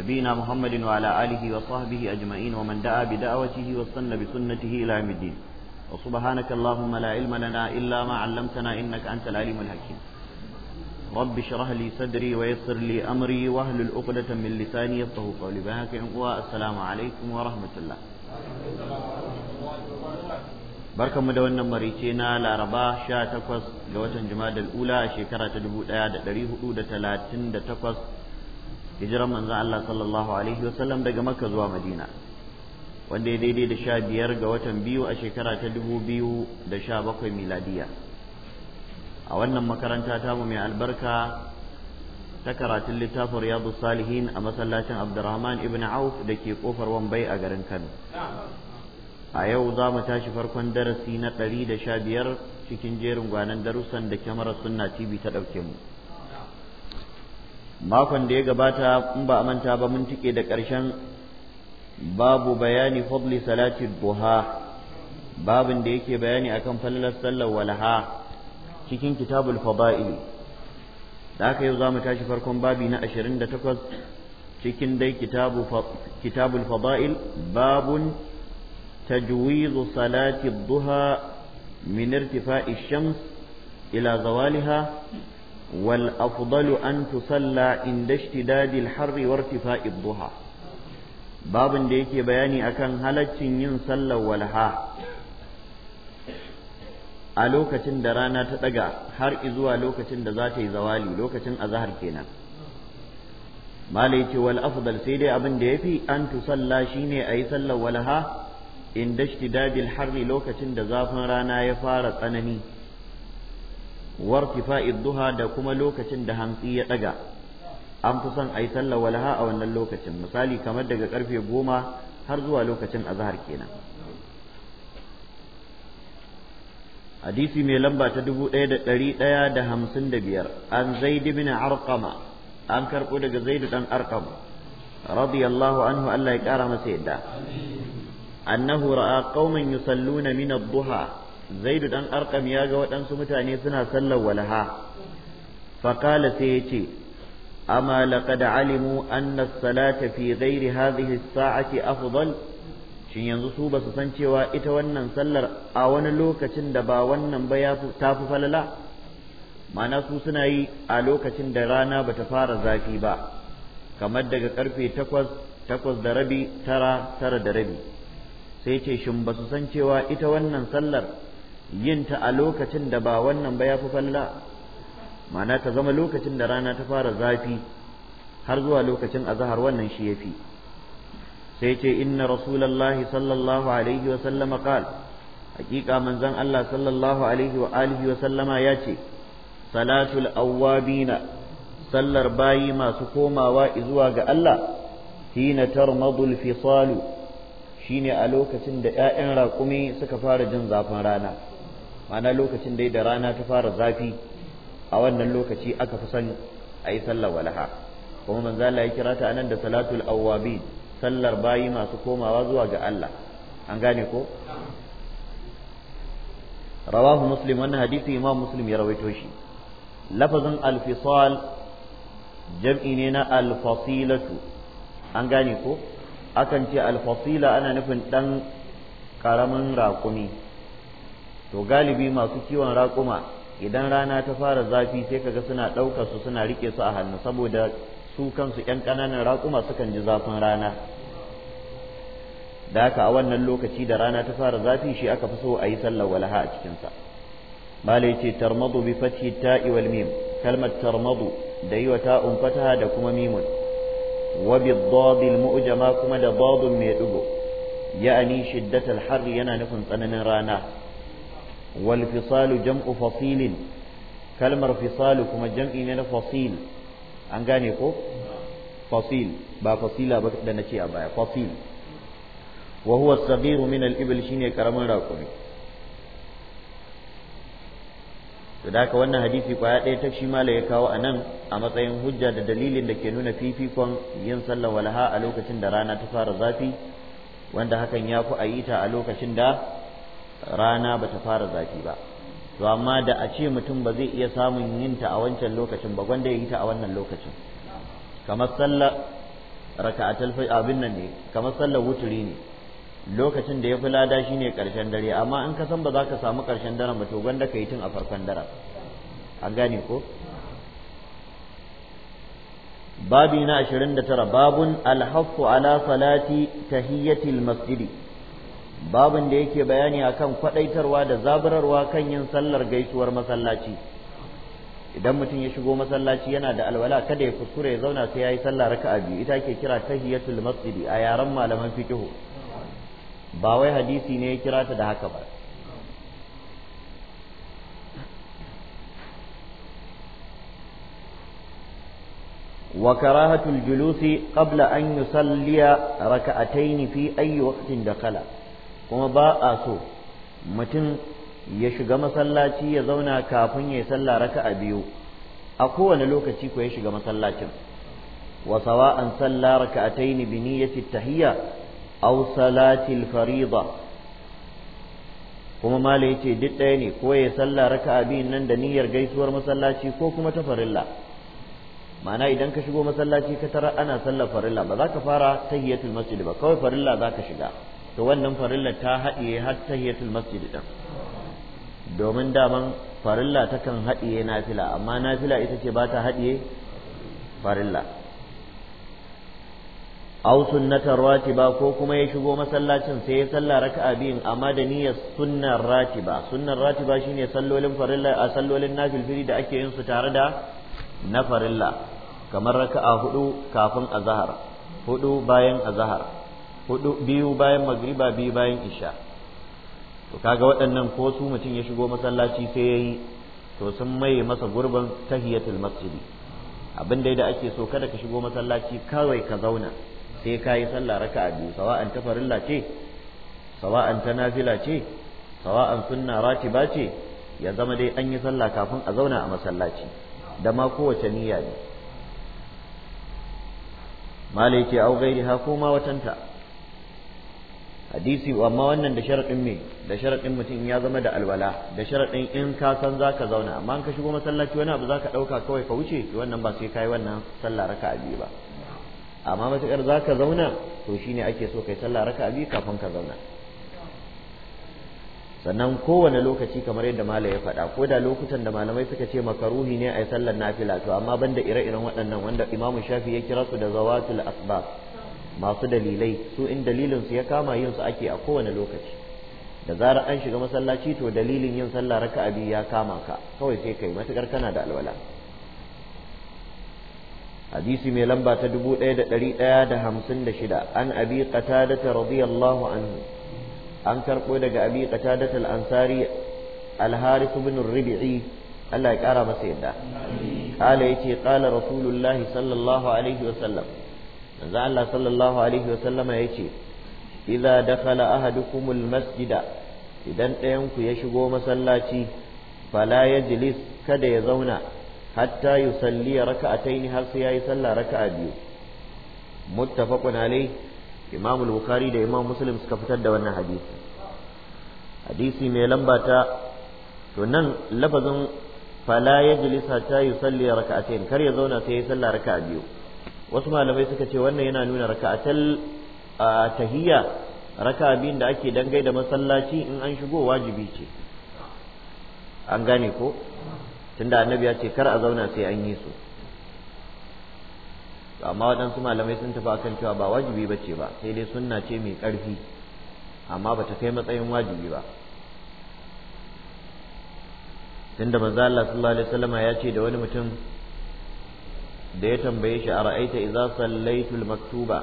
نبينا محمد وعلى آله وصحبه أجمعين ومن دعا بدعوته واستنى بسنته إلى يوم الدين وسبحانك اللهم لا علم لنا إلا ما علمتنا إنك أنت العليم الحكيم رب اشرح لي صدري ويسر لي أمري واهلل عقدة من لساني يفقه قولي بهاك السلام عليكم ورحمة الله barkanmu da wannan marice na laraba sha takwas ga watan jima'a da ula a shekara ta dubu ɗaya da ɗari hudu da talatin da takwas hijiran manzon Allah sallallahu alaihi wasallam daga Makka zuwa Madina wanda ya daidai da sha biyar ga watan biyu a shekara ta dubu biyu da sha bakwai miladiya a wannan makaranta tamu mai albarka ta karatun littafin riyadu salihin a masallacin abdurrahman ibn auf da ke kofar wambai a garin kano a yau za mu tashi farkon darasi na ɗari da sha biyar cikin jerin gwanan darussan da kyamarar sunna tv ta ɗauke mu makon da ya gabata in ba a manta ba mun tike da ƙarshen babu bayani fadli salati duha babin da yake bayani akan fallar sallar walaha cikin kitabul fada'il da haka yau za mu tashi farkon babi na 28 cikin dai kitabul fada'il babun tajwizu salati duha min irtifa'i shams ila zawaliha Wal والأفضل أن تصلى عند اشتداد الحر وارتفاء الضحى باب bayani akan أكن yin sallar ولها a lokacin da rana ta ɗaga har izuwa lokacin da za ta yi zawali lokacin azahar kenan malai ce wal afdal sai dai abin da yafi an tusalla shine a yi sallar walaha in dashtidadil harri lokacin da zafin rana ya fara tsanani wartifa'id duha da kuma lokacin da hantsi ya daga an fi son ayi sallar walaha a wannan lokacin misali kamar daga karfe goma har zuwa lokacin azhar kenan hadisi mai lamba ta dubu ɗaya da ɗari ɗaya da hamsin da biyar an zaidi min arqama an karɓo daga zaid dan arqama radiyallahu anhu Allah ya ƙara masa yadda annahu ra'a qauman yusalluna min ad-duha zaidu dan arkam ya ga waɗansu mutane suna sallar walaha faƙala sai ya ce amma laqad alimu anna salata fi ghairi hadhihi sa'ati afdal shin yanzu su basu san cewa ita wannan sallar a wani lokacin da ba wannan ba ya tafi falala Mana su suna yi a lokacin da rana bata fara zafi ba kamar daga karfe 8, 8 da rabi tara tara da rabi sai ce shin ba su san cewa ita wannan sallar yin ta a lokacin da ba wannan ba ya fi falla ma'ana ta zama lokacin da rana ta fara zafi har zuwa lokacin azahar wannan shi ya fi sai ce inna rasulallahi sallallahu alaihi wa sallama qal hakika manzon Allah sallallahu alaihi wa alihi wa sallama ya ce salatul awwabina sallar bayi masu komawa zuwa ga Allah hina tarmadul fisalu shine a lokacin da 'ya'yan raƙumi suka fara jin zafin rana ma'ana lokacin dai da rana ta fara zafi a wannan lokaci aka fi son a yi sallar walaha kuma manzo Allah ya kira ta anan da salatul awwabin sallar bayi masu komawa zuwa ga Allah an gane ko rawahu muslim wannan hadisi imam muslim ya rawaito shi lafazin al-fisal jam'i ne na al-fasilatu an gane ko akan ce al-fasila ana nufin ɗan karamin raƙumi to galibi masu kiwon raƙuma idan rana ta fara zafi sai kaga suna ɗaukar su suna riƙe su a hannu saboda su kansu ƴan ƙananan raƙuma sukan ji zafin rana da haka a wannan lokaci da rana ta fara zafi shi aka fi so a yi sallar walaha a cikinsa mala ce tarmadu bi fathi ta'i wal mim kalmar tarmadu da yi wa ta'un fataha da kuma mimun wa bi dadil mu'jama kuma da dadun mai dugo ya'ani shiddatal harri yana nufin tsananin rana wal fisalu jam'u fasilin kalmar fisalu kuma jam'i ne na fasil an gane ko fasil ba fasila ba da nace a baya fasil wa huwa as-saghir min al-ibl shine karamin raƙumi to da haka wannan hadisi kwaya ɗaya ta shi ya kawo a nan a matsayin hujja da dalilin da ke nuna fifikon yin sallar walaha a lokacin da rana ta fara zafi wanda hakan ya fi a yi a lokacin da rana ba ta fara zafi ba to amma da a ce mutum ba zai iya samun yin ta a wancan lokacin ba gwanda ya yi ta a wannan lokacin kamar sallar raka'atul fajr abin nan ne kamar sallar wuturi ne lokacin da ya fi lada shine karshen dare amma in ka san ba za ka samu karshen dare ba to gwanda ka yi tun a farkon dare an gane ko babi na 29 babun alhaffu ala salati tahiyatil masjidi babin da yake bayani akan kwadaitarwa da zabararwa kan yin sallar gaisuwar masallaci idan mutum ya shigo masallaci yana da alwala kada ya kuskure ya zauna sai yayi sallah raka'a biyu ita ke kira tahiyatul masjid a yaran malaman fiqh ba wai hadisi ne ya kira ta da haka ba wa karahatul julusi qabla an yusalliya raka'atayn fi ayyi waqtin dakala kuma ba a so mutum ya shiga masallaci ya zauna kafin ya yi sallah raka'a biyu a kowane lokaci ko ya shiga masallacin wa sawa'an salla raka'atayn bi niyyati tahiyya aw salati al-fariḍa kuma mala yace duk ɗaya ne ko ya salla raka'a biyun nan da niyyar gaisuwar masallaci ko kuma ta farilla ma'ana idan ka shigo masallaci ka tara ana sallar farilla ba za ka fara tahiyatul masjid ba kawai farilla za ka shiga to wannan farilla ta haɗiye har tahiyatul masjid din domin daman farilla takan haɗiye nafila amma nafila ita ce ba ta haɗiye farilla aw sunnatar ratiba ko kuma ya shigo masallacin sai ya salla raka'a biyun amma da niyyar sunnar ratiba sunnar ratiba shine sallolin farilla a sallolin nafilfiri da ake yin su tare da na farilla kamar raka'a hudu kafin azhar hudu bayan azhar hudu biyu bayan magriba biyu bayan isha to kaga waɗannan ko su mutum ya shigo masallaci sai ya yi, to sun maye masa gurbin tahiyatul masjidi abin da da ake so kada ka shigo masallaci kawai ka zauna sai ka yi sallah a biyu sawa'an ta farilla ce sawa'an ta nafila ce sawa'an sunna ratiba ce ya zama dai an yi sallah kafin a zauna a masallaci da ma kowace niyya ne malai ce au gairi ha ko ma watanta hadisi amma wannan da sharaɗin me da sharadin mutum ya zama da alwala da sharaɗin in ka san za ka zauna amma in ka shigo masallaci wani abu za ka ɗauka kawai ka wuce wannan ba sai kai wannan sallah raka a biyu ba amma matakar za ka zauna to shi shine ake so kai sallah raka a biyu kafin ka zauna sannan kowane lokaci kamar yadda mala ya faɗa ko da lokutan da malamai suka ce makaruhi ne a yi sallar nafila to amma banda ire-iren waɗannan wanda imamu shafi ya kira su da zawatul asbab masu dalilai su in dalilin su ya kama yin su ake a kowane lokaci da zarar an shiga masallaci to dalilin yin sallah raka'a biyu ya kama ka kawai sai kai matukar kana da alwala hadisi mai lamba ta dubu ɗaya da ɗari ɗaya da hamsin da shida an abi qatadata radiyallahu anhu an karɓo daga abi qatadata al-ansari al-harith ibn rubi'i Allah ya ƙara masa yadda qala yace qala rasulullahi sallallahu alaihi wa sallam manzo Allah sallallahu alaihi wa sallama yace idza dakhala ahadukumul masjida idan ɗayan ku ya shigo masallaci fala yajlis kada ya zauna hatta yusalli raka'ataini har sai yayi sallah raka'a biyu muttafaqun alai Imam al-Bukhari da Imam Muslim suka fitar da wannan hadisi hadisi mai lamba ta to nan lafazin fala yajlis hatta yusalli raka'ataini kar ya zauna sai yayi sallah raka'a biyu wasu malamai suka ce wannan yana nuna raka'atal tahiyya raka biyun da ake dangai da masallaci in an shigo wajibi ce an gane ko tunda annabi ya ce kar a zauna sai an yi su amma waɗansu malamai sun tafi akan cewa ba wajibi ba ce ba sai dai sunna ce mai ƙarfi amma ba ta kai matsayin wajibi ba tunda manzo Allah sallallahu alaihi wasallam ya ce da wani mutum da ya tambaye shi a idza sallaitu al-maktuba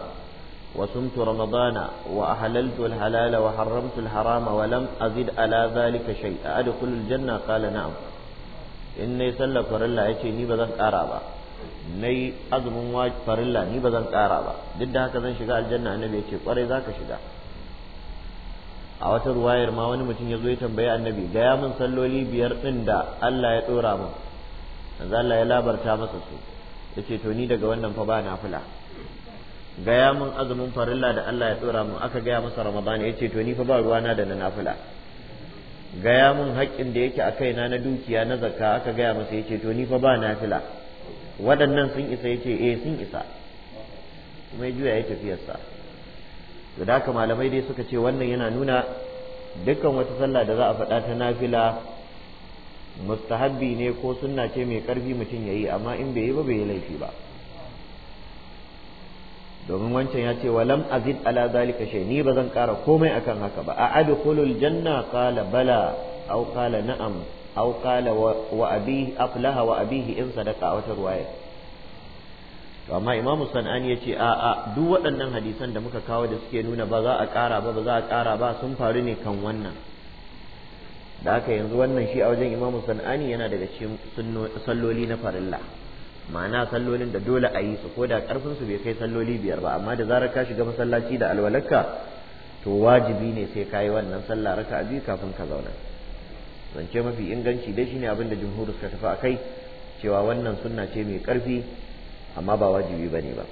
wa sumtu ramadana wa ahlaltu al-halala wa harramtu al-harama wa lam azid ala zalika a adkhulu al-janna qala na'am in nayi sallar farilla yace ni ba zan ƙara ba nayi azumin farilla ni ba zan ƙara ba duk da haka zan shiga aljanna annabi yace kwarai zaka shiga a wata ruwayar ma wani mutum ya zo ya tambayi annabi gaya min salloli biyar ɗin da Allah ya ɗora min Allah ya labarta masa su ya ce to ni daga wannan fa ba nafila gaya mun azumin farilla da Allah ya tsora mun aka gaya masa ramadan ya ce to ni fa ba ruwana da na nafila gaya mun haƙƙin da yake a kaina na dukiya na zakka aka gaya masa ya ce to ni fa ba nafila waɗannan sun isa ya ce eh sun isa kuma ya juya ya tafiyarsa to da haka malamai dai suka ce wannan yana nuna dukkan wata sallah da za a faɗa ta nafila mustahabbi ne ko sunna ce mai karfi mutum ya yi amma in bai yi ba bai yi laifi ba domin wancan ya ce walam azid ala zalika shay ni ba zan kara komai akan haka ba a adkhulul janna qala bala aw qala na'am aw qala wa abihi aflaha wa abihi in sadaqa a wata ruwaya to amma imamu sanani ya ce a'a duk waɗannan hadisan da muka kawo da suke nuna ba za a kara ba ba za a kara ba sun faru ne kan wannan da haka yanzu wannan shi a wajen imamu sanani yana daga cikin salloli na farilla ma'ana sallolin da dole a yi su ko da karfin su bai kai salloli biyar ba amma da zarar ka shiga masallaci da alwalaka to wajibi ne sai ka yi wannan sallah raka biyu kafin ka zauna zance mafi inganci dai shine abin da jumhur suka tafi a kai cewa wannan sunna ce mai karfi amma ba wajibi bane ba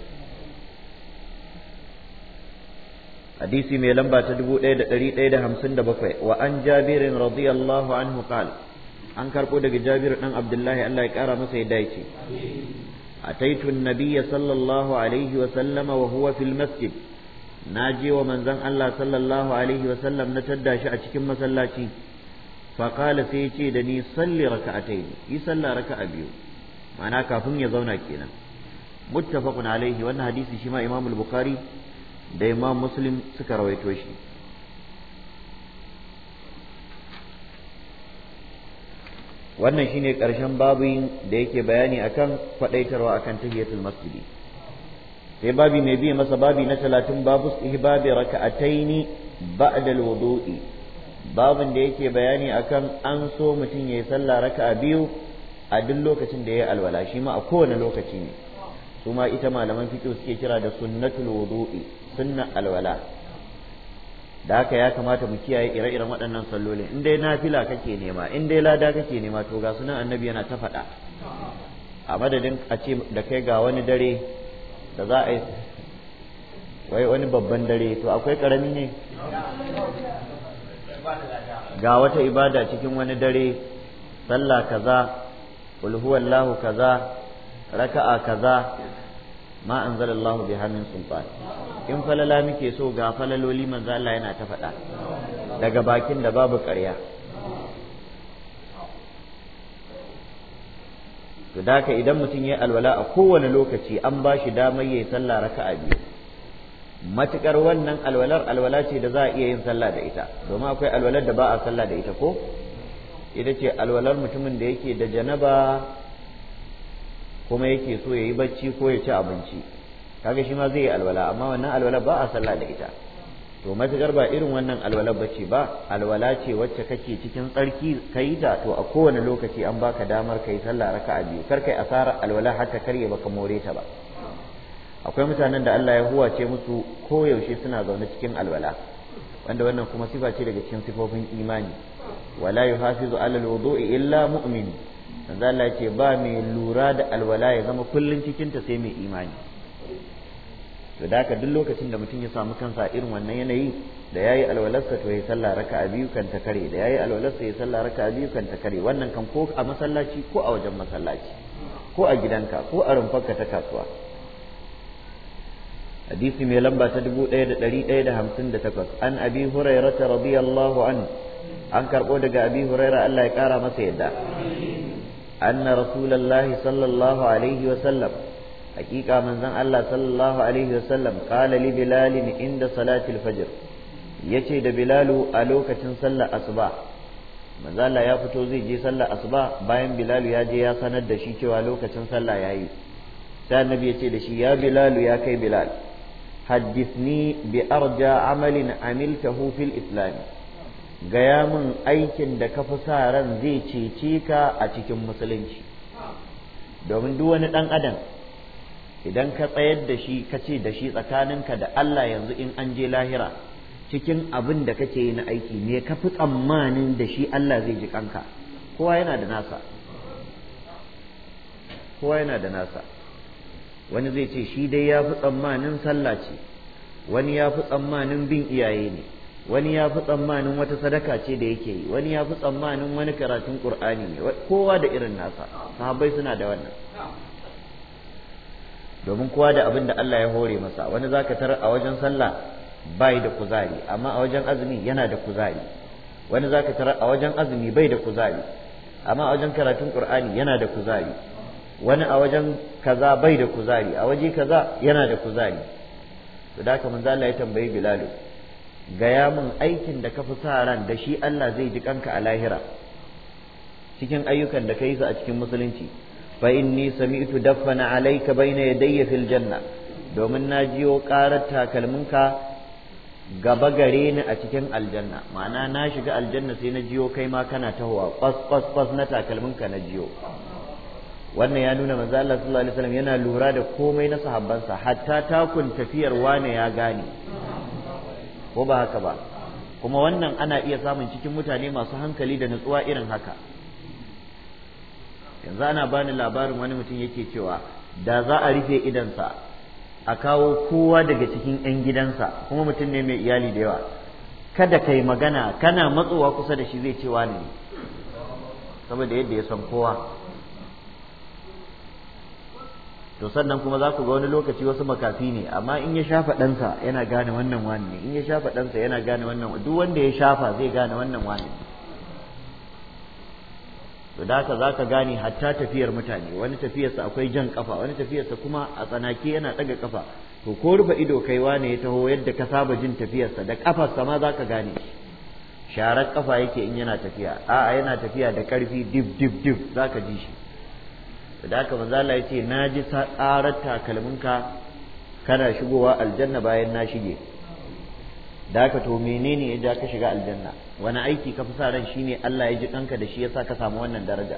hadisi mai lamba ta dubu da 1157 wa an jabirin radiyallahu anhu qala an karbo daga jabir ɗan abdullahi Allah ya kara masa ya da ataitu an-nabiy sallallahu alaihi wa sallama wa huwa fil masjid naje wa manzon Allah sallallahu alaihi wa sallam na tadda shi a cikin masallaci fa sai yace da ni salli raka'atayn yi sallah raka'a biyu ma'ana kafin ya zauna kenan muttafaqun alaihi wannan hadisi shima ma imamul bukhari da imam muslim suka rawaito shi wannan shine ƙarshen babin da yake bayani akan faɗaitarwa akan tahiyatul masjidi sai babi mai biye masa babi na talatin babu ihbabi raka'ataini ba'da alwudu'i babin da yake bayani akan an so mutum yayi sallah raka'a biyu a duk lokacin da yayi alwala shi ma a kowane lokaci ne kuma ita malaman fiqh suke kira da sunnatul wudu'i sunna alwala da haka ya kamata mu kiyaye ire-iren waɗannan sallolin in dai nafila kake nema in dai lada kake nema to ga sunan annabi yana ta faɗa a madadin a ce da kai ga wani dare da za a yi wai wani babban dare to akwai karami ne ga wata ibada cikin wani dare sallah kaza ulhuwallahu kaza raka'a kaza ma anzalallahu biha min sultan in falala muke so ga falaloli manzo Allah yana ta faɗa daga bakin da babu ƙarya to daka idan mutum ya alwala a kowane lokaci an ba shi damar yayi sallah raka'a biyu matukar wannan alwalar alwala ce da za a iya yin sallah da ita domin akwai alwalar da ba a sallah da ita ko ita ce alwalar mutumin da yake da janaba kuma yake so ya yi bacci ko ya ci abinci kaga shi ma zai yi alwala amma wannan alwala ba a sallah da ita to matuƙar ba irin wannan alwala bace ba alwala ce wacce kake cikin tsarki kai ta to a kowane lokaci an baka damar kai sallah raka'a biyu kar kai asara alwala har haka ba baka more ta ba akwai mutanen da Allah ya huwace musu koyaushe suna zaune cikin alwala wanda wannan kuma sifa ce daga cikin sifofin imani wala yuhafizu alal wudu'i illa mu'min manzo Allah ce ba mai lura da alwala ya zama kullum cikin ta sai mai imani to da haka duk lokacin da mutum ya samu kansa irin wannan yanayi da yayi alwalarsa to ya sallah raka'a biyu kan ta kare da yayi alwalarsa ya sallah raka'a biyu kan ta kare wannan kan ko a masallaci ko a wajen masallaci ko a gidanka ko a rumfarka ta kasuwa حديث من لمبة تدبو ايد دري ايد همسن دتكوس عن أبي هريرة رضي الله عنه عن كربو دقى allah هريرة ألا يكارى مسيدا أن رسول الله صلى الله عليه وسلم حقيقة من ذن الله صلى الله عليه وسلم قال لبلال عند صلاة الفجر yace da bilalu a lokacin sallar asuba manzala ya fito zai je sallar asuba bayan bilalu ya je ya sanar da shi cewa lokacin sallah yayi sai annabi yace da shi ya bilalu ya kai bilal haddithni bi arja amalin amiltahu fil islam gaya min aikin da ka fi sa ran zai cece ka a cikin musulunci domin duk wani ɗan adam idan ka tsayar da shi ka ce da shi tsakaninka da Allah yanzu in an je lahira cikin abin da kake yi na aiki me ka fi tsammanin da shi Allah zai ji kanka kowa yana da nasa kowa yana da nasa wani zai ce shi dai ya fi tsammanin sallah ce wani ya fi tsammanin bin iyaye ne wani ya fi tsammanin wata sadaka ce da yake yi wani ya fi tsammanin wani karatun qur'ani ne kowa da irin nasa sahabbai suna da wannan domin kowa da abin da Allah ya hore masa wani zaka tar a wajen sallah bai da kuzari amma a wajen azumi yana da kuzari wani zaka tar a wajen azumi bai da kuzari amma a wajen karatun qur'ani yana da kuzari wani a wajen kaza bai da kuzari a waje kaza yana da kuzari to da haka manzo Allah ya tambayi Bilal gaya min aikin da ka fi sa ran da shi Allah zai ji kanka a lahira cikin ayyukan da ka yi su a cikin musulunci fa inni sami'tu daffana alayka bayna yadayya fil janna domin na jiyo karar takalminka gaba gare ni a cikin aljanna ma'ana na shiga aljanna sai na jiyo kai ma kana tahowa kwas kwas kwas na takalminka na jiyo wannan ya nuna manzo Allah sallallahu alaihi wasallam yana lura da komai na sahabbansa hatta takun tafiyar wane ya gane ko ba haka ba kuma wannan ana iya samun cikin mutane masu hankali da nutsuwa irin haka yanzu ana bani labarin wani mutum yake cewa da za a rufe idansa a kawo kowa daga cikin 'yan gidansa kuma mutum ne mai iyali da yawa kada ka yi magana kana matsowa kusa da shi zai cewa ne saboda yadda ya san kowa to sannan kuma za ku ga wani lokaci wasu makafi ne amma in ya shafa ɗansa yana gane wannan wani ne, in ya shafa ɗansa yana gane wannan duk wanda ya shafa zai gane wannan wani to da haka za ka gane hatta tafiyar mutane wani tafiyarsa akwai jan kafa wani tafiyarsa kuma a tsanaki yana ɗaga kafa to ko rufe ido kai wane ya taho yadda ka saba jin tafiyarsa da kafarsa ma za ka gane sharar kafa yake in yana tafiya a'a yana tafiya da ƙarfi dib dib dib za ka ji shi da haka manzo Allah yace na ji tsarar takalminka kana shigowa aljanna bayan na shige da haka to menene ya ja ka shiga aljanna wani aiki ka fi sa ran shine Allah ya ji kanka da shi yasa ka samu wannan daraja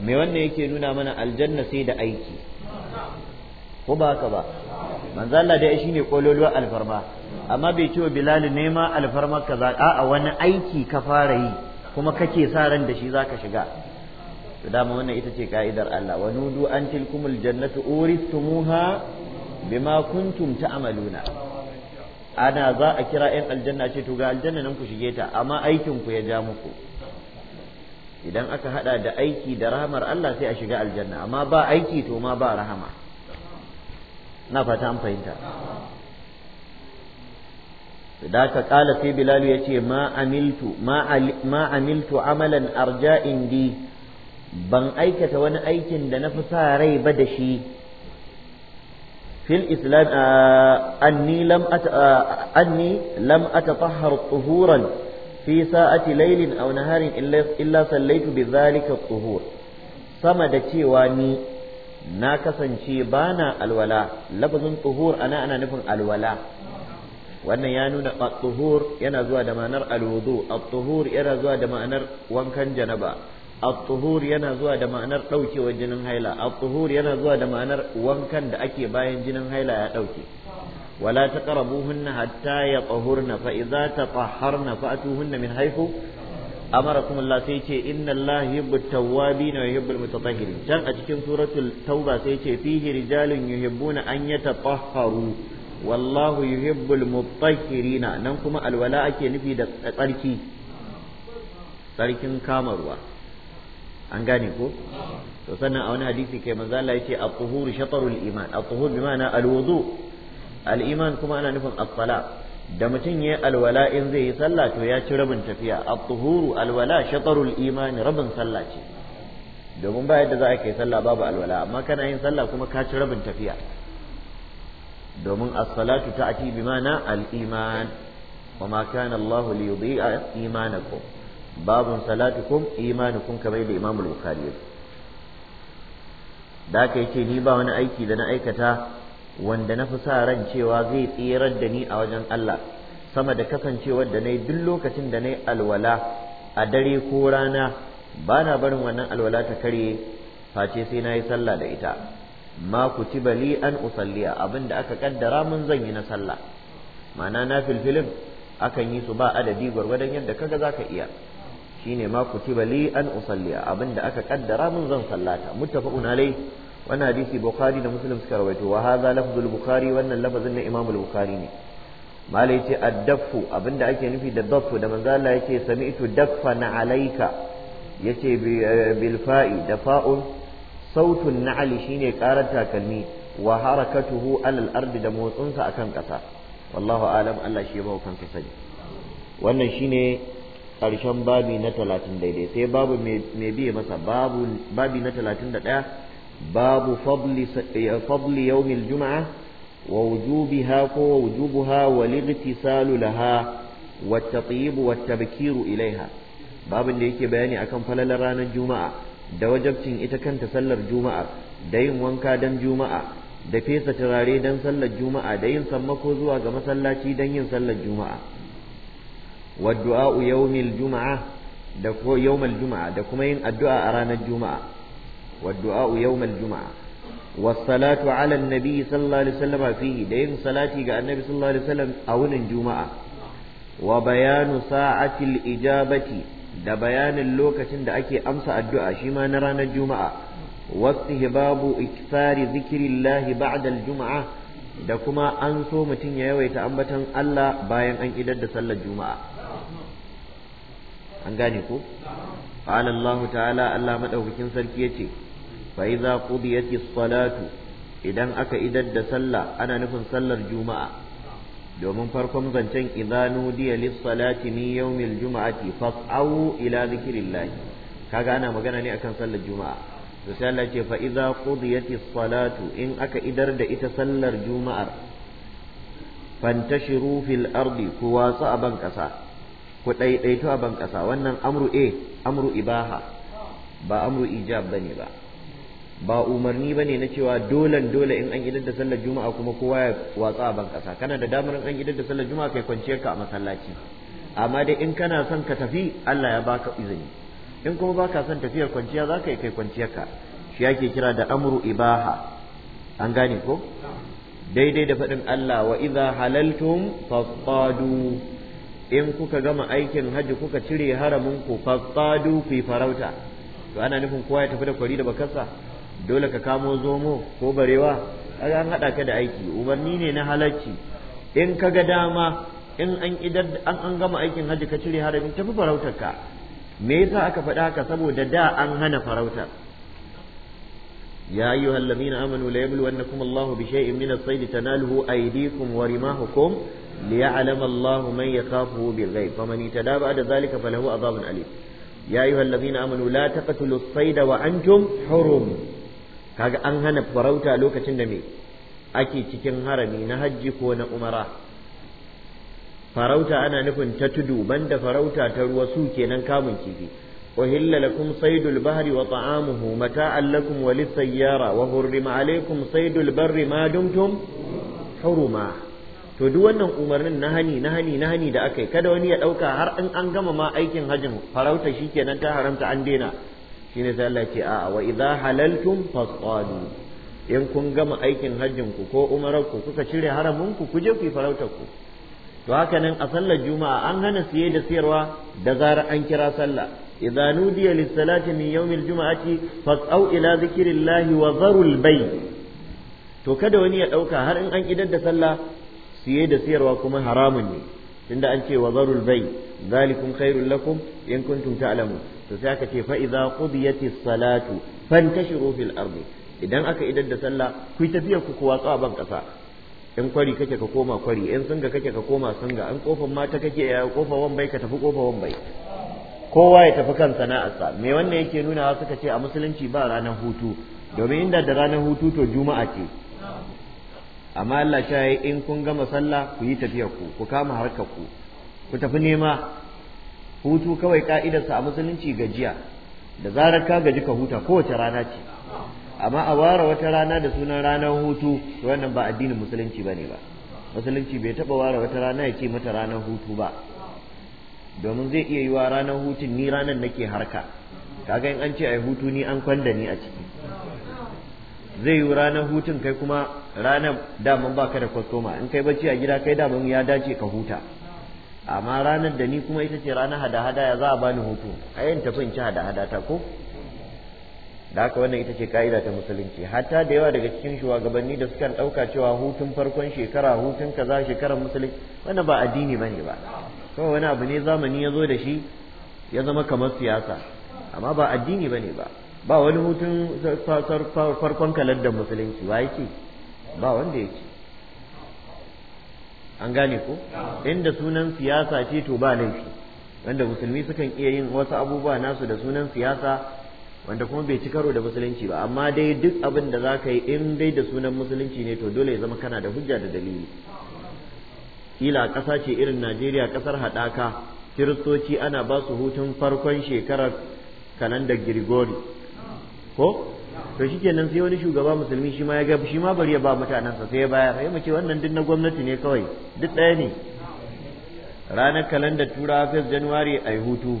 me wannan yake nuna mana aljanna sai da aiki ko ba haka ba manzo Allah dai shine kololuwar alfarma amma bai ce wa Bilal nema ka kaza a'a wani aiki ka fara yi kuma kake sa ran da shi zaka shiga to dama wannan ita ce ka'idar Allah wa nudu an tilkumul jannatu uristumuha bima kuntum ta'maluna ana za a kira 'yan aljanna ce to ga aljanna nan ku shige ta amma aikin ku ya ja muku idan aka hada da aiki da rahamar Allah sai a shiga aljanna amma ba aiki to ma ba rahama na fata an fahimta da ka kala sai bilal ya ce ma amiltu ma amiltu amalan arja indi ban aikata wani aikin da na fi sa rai ba da shi fil islam anni lam anni lam atatahhar tuhuran fi sa'ati laylin aw naharin illa sallaitu bi dhalika tuhur sama da cewa ni na kasance bana alwala lafazin tuhur ana ana nufin alwala wannan ya nuna at-tuhur yana zuwa da ma'anar al-wudu at-tuhur yana zuwa da ma'anar wankan janaba at-tuhur yana zuwa da ma'anar daukewar jinin haila at-tuhur yana zuwa da ma'anar wankan da ake bayan jinin haila ya ɗauke. wala taqrabuhunna hatta yatahurna fa idza tatahharna fa'tuhunna min haythu amarakum Allah sai ce inna Allah yuhibbut tawwabin wa yuhibbul mutatahhirin can a cikin suratul tauba sai ce fihi rijalun yuhibbuna an yatatahharu wallahu yuhibbul mutatahhirina nan kuma alwala ake nufi da tsarki tsarkin kamarwa an gane ko to sannan a wani hadisi kai manzo Allah yace at-tuhuru shatarul iman at-tuhur bi ma'ana al-wudu al-iman kuma ana nufin as-sala da mutum yayi alwala in zai yi sallah to ya ci rabin tafiya at-tuhuru alwala shatarul iman rabin sallah ce domin ba yadda za a kai sallah babu alwala amma kana yin sallah kuma ka ci rabin tafiya domin as-salatu ta'ti bi ma'ana al-iman وما كان الله ليضيع إيمانكم babun salatukum imanukum kamar da imamul bukhari yake da kai ce ni ba wani aiki da na aikata wanda na fi sa ran cewa zai tsirar da ni a wajen Allah sama da kasancewar da na yi duk lokacin da na yi alwala a dare ko rana ba na barin wannan alwala ta karye face sai na yi sallah da ita ma ku ci bali an usalliya abin da aka kaddara mun zan yi na sallah ma'ana na filfilin akan yi su ba adadi gwargwadon yadda kaga za ka iya shine ma kutiba li an usalliya abinda aka kaddara mun zan sallata muttafaqun alai wannan hadisi bukhari da muslim suka rawaito wa hadha lafzul bukhari wannan lafazin na imamul bukhari ne malai ce addafu abinda ake nufi da dafu da manzo Allah yake sami'tu na alaika yace bil fa'i da fa'un sautun na'ali shine karar takalmi wa harakatuhu alal ardi da motsinsa akan kasa wallahu alam Allah shi ya bawa kansa sani wannan shine ƙarshen babi na talatin daidai sai babu mai biye masa babi na talatin da ɗaya babu fabli eh, yawmil juma'a wa ha ko wa wujubuha wa ligtisalu laha wa tatayibu wa tabkiru ilaiha babin da yake bayani akan falalar ranar juma'a da wajabcin ita kanta sallar juma'a da yin wanka dan juma'a da fesa turare dan sallar juma'a da yin sammako zuwa ga masallaci dan yin sallar juma'a wa du'a'u yawmil juma'a da kuma yin addu'a a ranar juma'a wa du'a'u yawmal juma'a wa salatu ala sallallahu alaihi wasallam fihi da yin salati ga annabi sallallahu a juma'a wa bayanu sa'atil ijabati da bayanin lokacin da ake amsa addu'a shi ma na ranar juma'a واستهباب إكثار zikirin lahi بعد juma'a da kuma an so mutum ya yawaita ambatan Allah bayan an idar da sallar juma'a an gane ko qala Allah ta'ala Allah madaukakin sarki yace fa idza qudiyati salatu idan aka idar da sallah ana nufin sallar juma'a domin farkon zancen idza nudiya lis salati min yawmil juma'ati fas'au ila zikrillah kaga ana magana ne akan sallar juma'a to sai Allah ce fa idza qudiyati salatu in aka idar da ita sallar juma'ar fantashiru fil ardi ku watsa a ban kasa ku ɗaiɗaito a ban ƙasa wannan amru e amru ibaha ba amru ijab bane ba ba umarni bane na cewa dolan dole in an idar da sallar juma'a kuma kowa ya watsa a ban ƙasa kana da damar in an idar da sallar juma'a kai kwance ka a masallaci amma dai in kana son ka tafi Allah ya baka izini in kuma baka son tafiyar kwanciya za ka yi kai kwanciyar ka shi yake kira da amru ibaha an gane ko daidai da faɗin Allah wa idza halaltum fasadu in kuka gama aikin hajji kuka cire haramin ku fasadu fi farauta to ana nufin kowa ya tafi da kwari da bakarsa dole ka kamo zomo ko barewa kaga an hada ka da aiki umarni ne na halacci in kaga dama in an idar an an gama aikin hajji ka cire haramin tafi farautar ka me yasa aka faɗa haka saboda da an hana farautar يا أيها Allahu bi shay'in min as-sayd tanaluhu aydikum wa rimahukum ليعلم الله من يخافه بالغيب فمن اهتدى بعد ذلك فله عذاب أليم يا أيها الذين آمنوا لا تقتلوا الصيد وأنتم حرم kaga an hana farauta lokacin da me ake cikin harami na hajji ko na umara farauta ana nufin ta tudu banda farauta ta ruwa su kenan kamun kifi uhilla lakum saidul bahri wa ta'amuhu mata'an lakum wa sayyara wa hurrima alaykum saidul barri ma huruma to duk wannan umarnin na hani na hani na hani da aka yi kada wani ya ɗauka har in an gama ma aikin hajjin farauta shi kenan ta haramta an daina shi ne sai Allah ce a wa idza halaltum in kun gama aikin hajjin ku ko umarar ku kuka cire haramin ku kuje ku yi farautar ku to haka nan a sallar juma'a an hana siye da siyarwa da zarar an kira sallah idza nudiya lis salati min yawmil juma'ati fas'au ila zikrillahi wa zarul bay to kada wani ya ɗauka har in an idar da sallah siye da siyarwa kuma haramun ne tunda an ce wa zarul bai zalikum khairul lakum in kuntum ta'lamun to sai aka ce fa idza qudiyatis salatu fantashiru fil ardi idan aka idan da sallah ku tafiya ku kuwa tsawa ban kasa in kwari kake ka koma kwari in singa kake ka koma singa in kofar mata kake ya eh, kofa wan bai ka tafi kofa wan bai kowa ya tafi kan sana'arsa me wannan yake nuna suka ce a musulunci ba ranar hutu domin inda da ranar hutu to juma'a ce amma Allah ta yi in kun gama sallah ku yi tafiyar ku ku kama harkar ku ku tafi nema hutu kawai ka'idarsa a musulunci gajiya da zarar ka gaji ka huta kowace rana ce amma a ware wata rana da sunan ranar hutu wannan ba addinin musulunci bane ba musulunci bai taba ware wata rana ya ce mata ranar hutu ba domin zai iya yiwa ranar hutun ni ranar nake harka kaga in an ce ai hutu ni an kwanda ni a ciki zai yi ranar hutun kai kuma ranar daman ka da kwastoma in kai bacci a gida kai daman ya dace ka huta amma ranar da ni kuma ita ce ranar hada-hada ya za a bani hutu a yin tafi in ci hada-hada ta ko da haka wannan ita ce ka'ida ta musulunci hatta da yawa daga cikin shugabanni da sukan ɗauka cewa hutun farkon shekara hutun kaza shekarar musulunci wannan ba addini ba ne ba kuma wani abu ne zamani ya zo da shi ya zama kamar siyasa amma ba addini ba ne ba ba wani hutun farkon kalandar musulunci ba yake ba wanda yake an gane ko inda sunan siyasa ce to ba laifi wanda musulmi sukan iya yin wasu abubuwa nasu da sunan siyasa wanda kuma bai ci karo da musulunci ba amma dai duk abin da za ka yi in dai da sunan musulunci ne to dole ya zama kana da hujja da dalili kila ƙasa ce irin najeriya ƙasar haɗaka kiristoci ana ba su hutun farkon shekarar kalandar girgori ko to kenan sai wani shugaba musulmi shi ma ya ga shi ma bari ya ba mutanensa sai ya bayar sai mace wannan duk na gwamnati ne kawai duk ɗaya ne ranar kalandar turawa fes januwari a hutu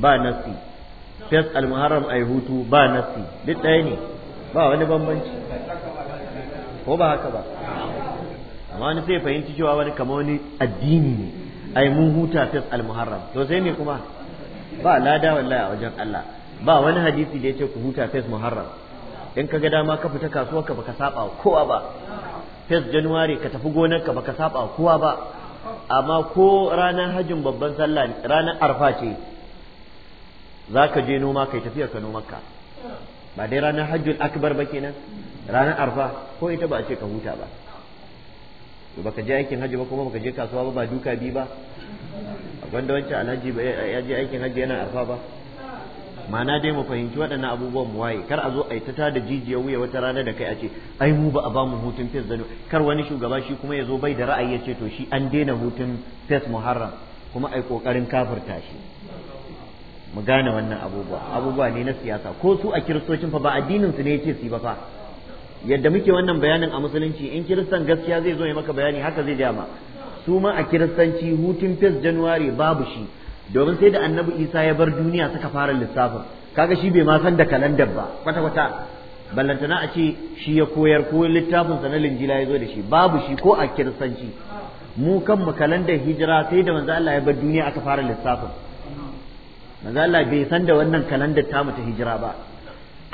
ba nasi fes almuharram a hutu ba nasi duk ɗaya ne ba wani bambanci ko ba haka ba amma wani sai fahimci cewa wani kama wani addini ne ai mun huta fes almuharram to sai ne kuma ba lada wallahi a wajen Allah ba wani hadisi da ya ce ku huta fes muharram in ka ga dama ka fita kasuwa ka baka saba kowa ba first january ka tafi gonar ka baka saba kowa ba amma ko ranar hajjin babban sallah ranar arfa ce za ka je noma kai tafiya ka noma ka ba dai ranar hajjul akbar ba kenan ranar arfa ko ita ba a ce ka huta ba baka je aikin hajji ba kuma baka je kasuwa ba ba duka bi ba wanda wancan alhaji ya je aikin hajji yana arfa ba ma'ana dai mu fahimci waɗannan abubuwan mu waye kar a zo a yi ta da jijiyar wuya wata rana da kai a ce ai mu ba a ba mu hutun fes da kar wani shugaba shi kuma ya zo bai da ra'ayi ya ce to shi an daina hutun fes muharram kuma ai kokarin kafirta shi mu gane wannan abubuwa abubuwa ne na siyasa ko su a kiristocin fa ba addinin su ne yace su ba fa yadda muke wannan bayanin a musulunci in kiristan gaskiya zai zo ya maka bayani haka zai gaya ma su ma a kiristanci hutun fes januwari babu shi domin sai da annabi isa ya bar duniya suka fara lissafin kaga shi bai ma san da kalandar ba kwata kwata ballantana a ce shi ya koyar ko littafin sa na linjila ya zo da shi babu shi ko a kirsanci mu kanmu kalandar hijira sai da manzo Allah ya bar duniya aka fara lissafin manzo Allah bai san da wannan kalandar ta ta hijira ba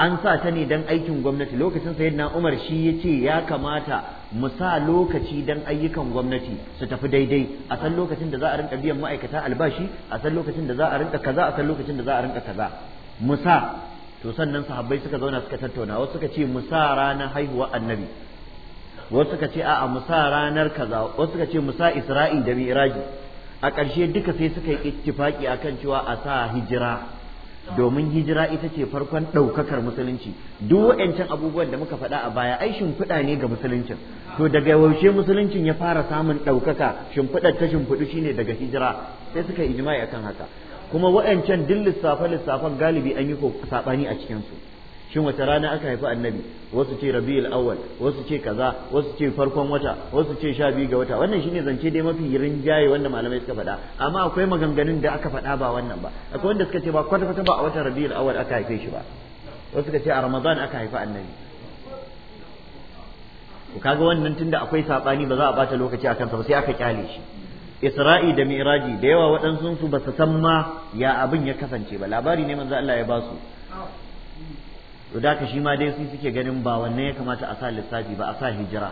an sa ta ne dan aikin gwamnati lokacin sayyidina Umar shi yace ya kamata mu sa lokaci dan ayyukan gwamnati su tafi daidai a san lokacin da za a rinka biyan ma'aikata albashi a san lokacin da za a rinka kaza a san lokacin da za a rinka kaza mu sa to sannan sahabbai suka zauna suka tattauna wasu suka ce mu sa ranar haihuwa annabi wasu suka ce a'a mu sa ranar kaza wasu suka ce mu sa isra'i da mi'raji a ƙarshe duka sai suka yi ittifaki akan cewa a sa hijira domin hijira ita ce farkon ɗaukakar musulunci duk waɗancan abubuwan da muka faɗa a baya ai shimfiɗa ne ga musuluncin to daga yaushe musuluncin ya fara samun ɗaukaka shimfiɗar ta shimfiɗu shine daga hijira sai suka yi ijma'i akan haka kuma waɗancan duk lissafe-lissafen galibi an yi saɓani a cikinsu shin wace rana aka haifi annabi wasu ce rabi'ul awwal wasu ce kaza wasu ce farkon wata wasu ce sha biyu ga wata wannan shine zance dai mafi rinjaye wanda malamai suka faɗa amma akwai maganganun da aka faɗa ba wannan ba akwai wanda suka ce ba kwata kwata ba a watan rabi'ul awwal aka haife shi ba wasu suka ce a ramadan aka haifi annabi ku kaga wannan tunda akwai sabani ba za a bata lokaci akan sa ba sai aka kyale shi Isra'i da Mi'raji da yawa waɗansu su ba su san ma ya abin ya kasance ba labari ne manzo Allah ya basu. to da ka shi ma dai su suke ganin ba wannan ya kamata a sa lissafi ba a sa hijira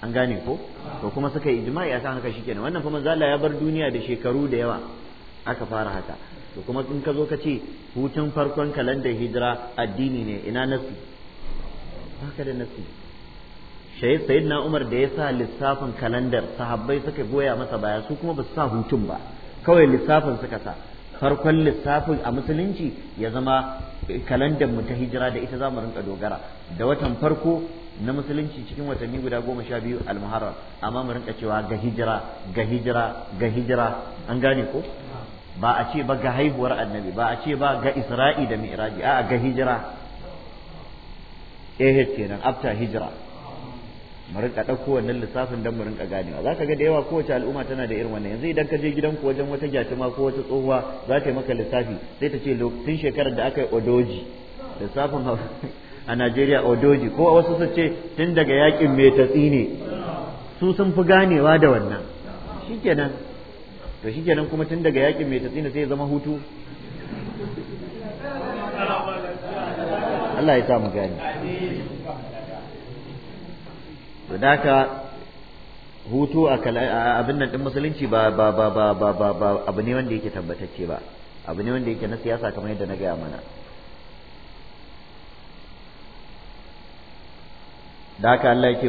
an gane ko to kuma suka yi ijma'i akan haka shikenan wannan kuma zalla ya bar duniya da shekaru da yawa aka fara haka to kuma in ka zo ka ce hutun farkon kalandar hijira addini ne ina nasi baka da nasi shayi sayyidina umar da ya sa lissafin kalandar sahabbai suka goya masa baya su kuma ba su sa hutun ba kawai lissafin suka sa farkon lissafin a musulunci ya zama kalandar mu ta hijira da ita zamu rinka dogara da watan farko na musulunci cikin watanni guda goma sha biyu almuharram amma mu rinka cewa ga hijira ga hijira ga hijira an gane ko ba a ce ba ga haihuwar annabi ba a ce ba ga isra'i da mi'raji a'a ga hijira eh kenan after hijira mu rinka ɗauko wannan lissafin don mu ka ganewa za ka ga da yawa kowace al'umma tana da irin wannan yanzu idan ka je gidanku wajen wata gyatuma ko wata tsohuwa za ta yi maka lissafi sai ta ce tun shekarar da aka yi odoji lissafin a Najeriya odoji ko wasu su ce tun daga yakin mai tatsi ne su sun fi ganewa da wannan shikenan to shikenan kuma tun daga yakin mai tatsi ne sai ya zama hutu Allah ya sa mu gane to daka hutu a abin nan din musulunci ba ba ba ba ba ba ba abu ne wanda yake tabbatacce ba abu ne wanda yake na siyasa kamar yadda na gaya mana da haka Allah yake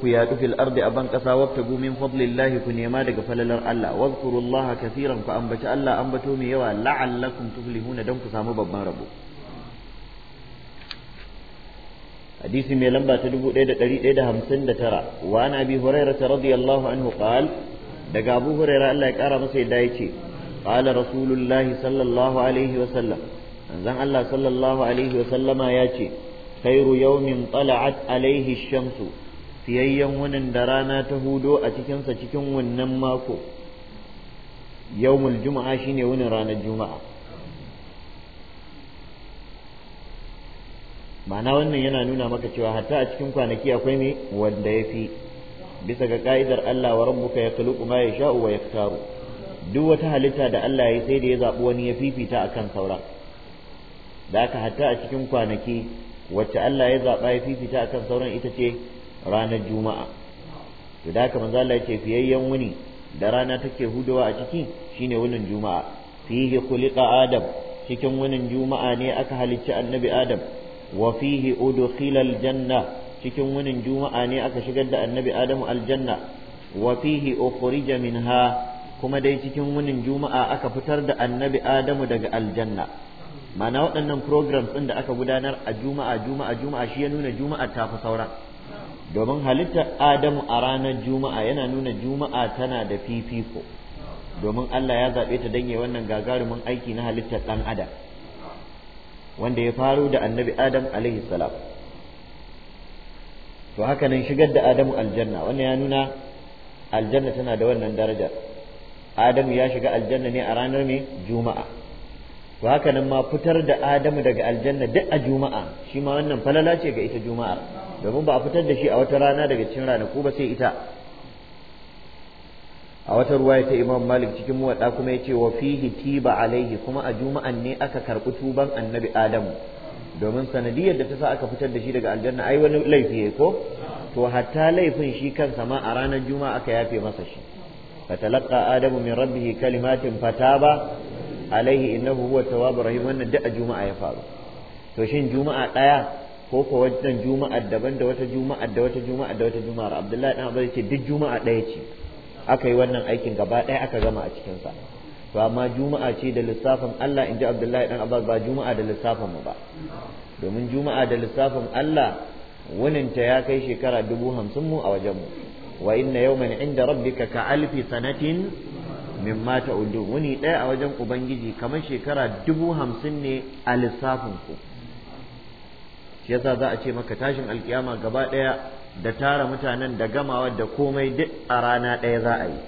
ku ya dufil ardi aban kasa wabtagu gumin fadlillahi ku nema daga falalar Allah wazkurullaha kaseeran ku ambaci Allah ambato mai yawa la'allakum tuflihuna dan ku samu babban rabo hadisi mai lamba ta 1159 wa an abi hurairah radiyallahu anhu qal daga abu hurairah Allah ya kara masa ya yace qala rasulullahi sallallahu alaihi wa sallam manzon Allah sallallahu alaihi wa sallama yace khairu yawmin tala'at alaihi ash-shamsu fiyayyen wunin da rana ta hudu a cikinsa cikin wannan mako yawmul juma'a shine wunin ranar juma'a ma'ana wannan yana nuna maka cewa hatta a cikin kwanaki akwai ne wanda ya fi bisa ga ka'idar Allah wa rabbuka kuma ma sha'u wa yaktaru duk wata halitta da Allah ya sai da ya zabi wani ya fifita akan saura da aka hatta a cikin kwanaki wacce Allah ya zaba ya fifita akan sauran ita ce ranar juma'a to da haka manzo Allah ya ce fiyayyen wuni da rana take hudawa a ciki shine wunin juma'a fihi kulika adam cikin wunin juma'a ne aka halicci annabi adam wa fihi udkhila Janna cikin wunin juma'a ne aka shigar da annabi adamu aljanna wa fihi ukhrija minha kuma dai cikin wunin juma'a aka fitar da annabi adamu daga aljanna ma'ana waɗannan programs ɗin da aka gudanar a juma'a juma'a juma'a shi ya nuna juma'a ta fi sauran domin halittar adamu a ranar juma'a yana nuna juma'a tana da fifiko domin allah ya zaɓe ta danye wannan gagarumin aiki na halittar ɗan adam wanda ya faru da annabi adam alaihi salam to haka nan shigar da adamu aljanna wannan ya nuna aljanna tana da wannan darajar adamu ya shiga aljanna ne a ranar ne juma'a to haka nan ma fitar da adamu daga aljanna duk a juma'a shi ma wannan falala ce ga ita Juma'a, domin ba a fitar da shi a wata rana daga cikin ranaku ba sai ita a wata ya ta imam malik cikin muwadda kuma ce wa fihi tiba alaihi kuma a juma'an ne aka karbi tuban annabi adamu domin sanadiyar da ta sa aka fitar da shi daga aljanna ai wani laifi yayi ko to hatta laifin shi kansa ma a ranar juma'a aka yafe masa shi fatalaqa adamu min rabbih kalimatin fataba alaihi innahu huwa tawwabur rahim wannan da a juma'a ya faru to shin juma'a daya ko ko wannan juma'ar daban da wata juma'ar da wata juma'ar da wata juma'ar abdullahi dan abdullahi ce duk juma'a daya ce aka yi wannan aikin gaba ɗaya aka gama a cikinsa to amma juma'a ce da lissafin Allah in ji Abdullahi dan Abbas ba juma'a da lissafin mu ba domin juma'a da lissafin Allah wuninta ya kai shekara dubu hamsin mu a wajen mu wa inna yawman inda rabbika ka alfi sanatin mimma ta'udun wuni ɗaya a wajen ubangiji kamar shekara dubu hamsin ne a lissafin ku shi yasa za a ce maka tashin alkiyama gaba ɗaya da tara mutanen da gamawa da komai duk a rana ɗaya za a yi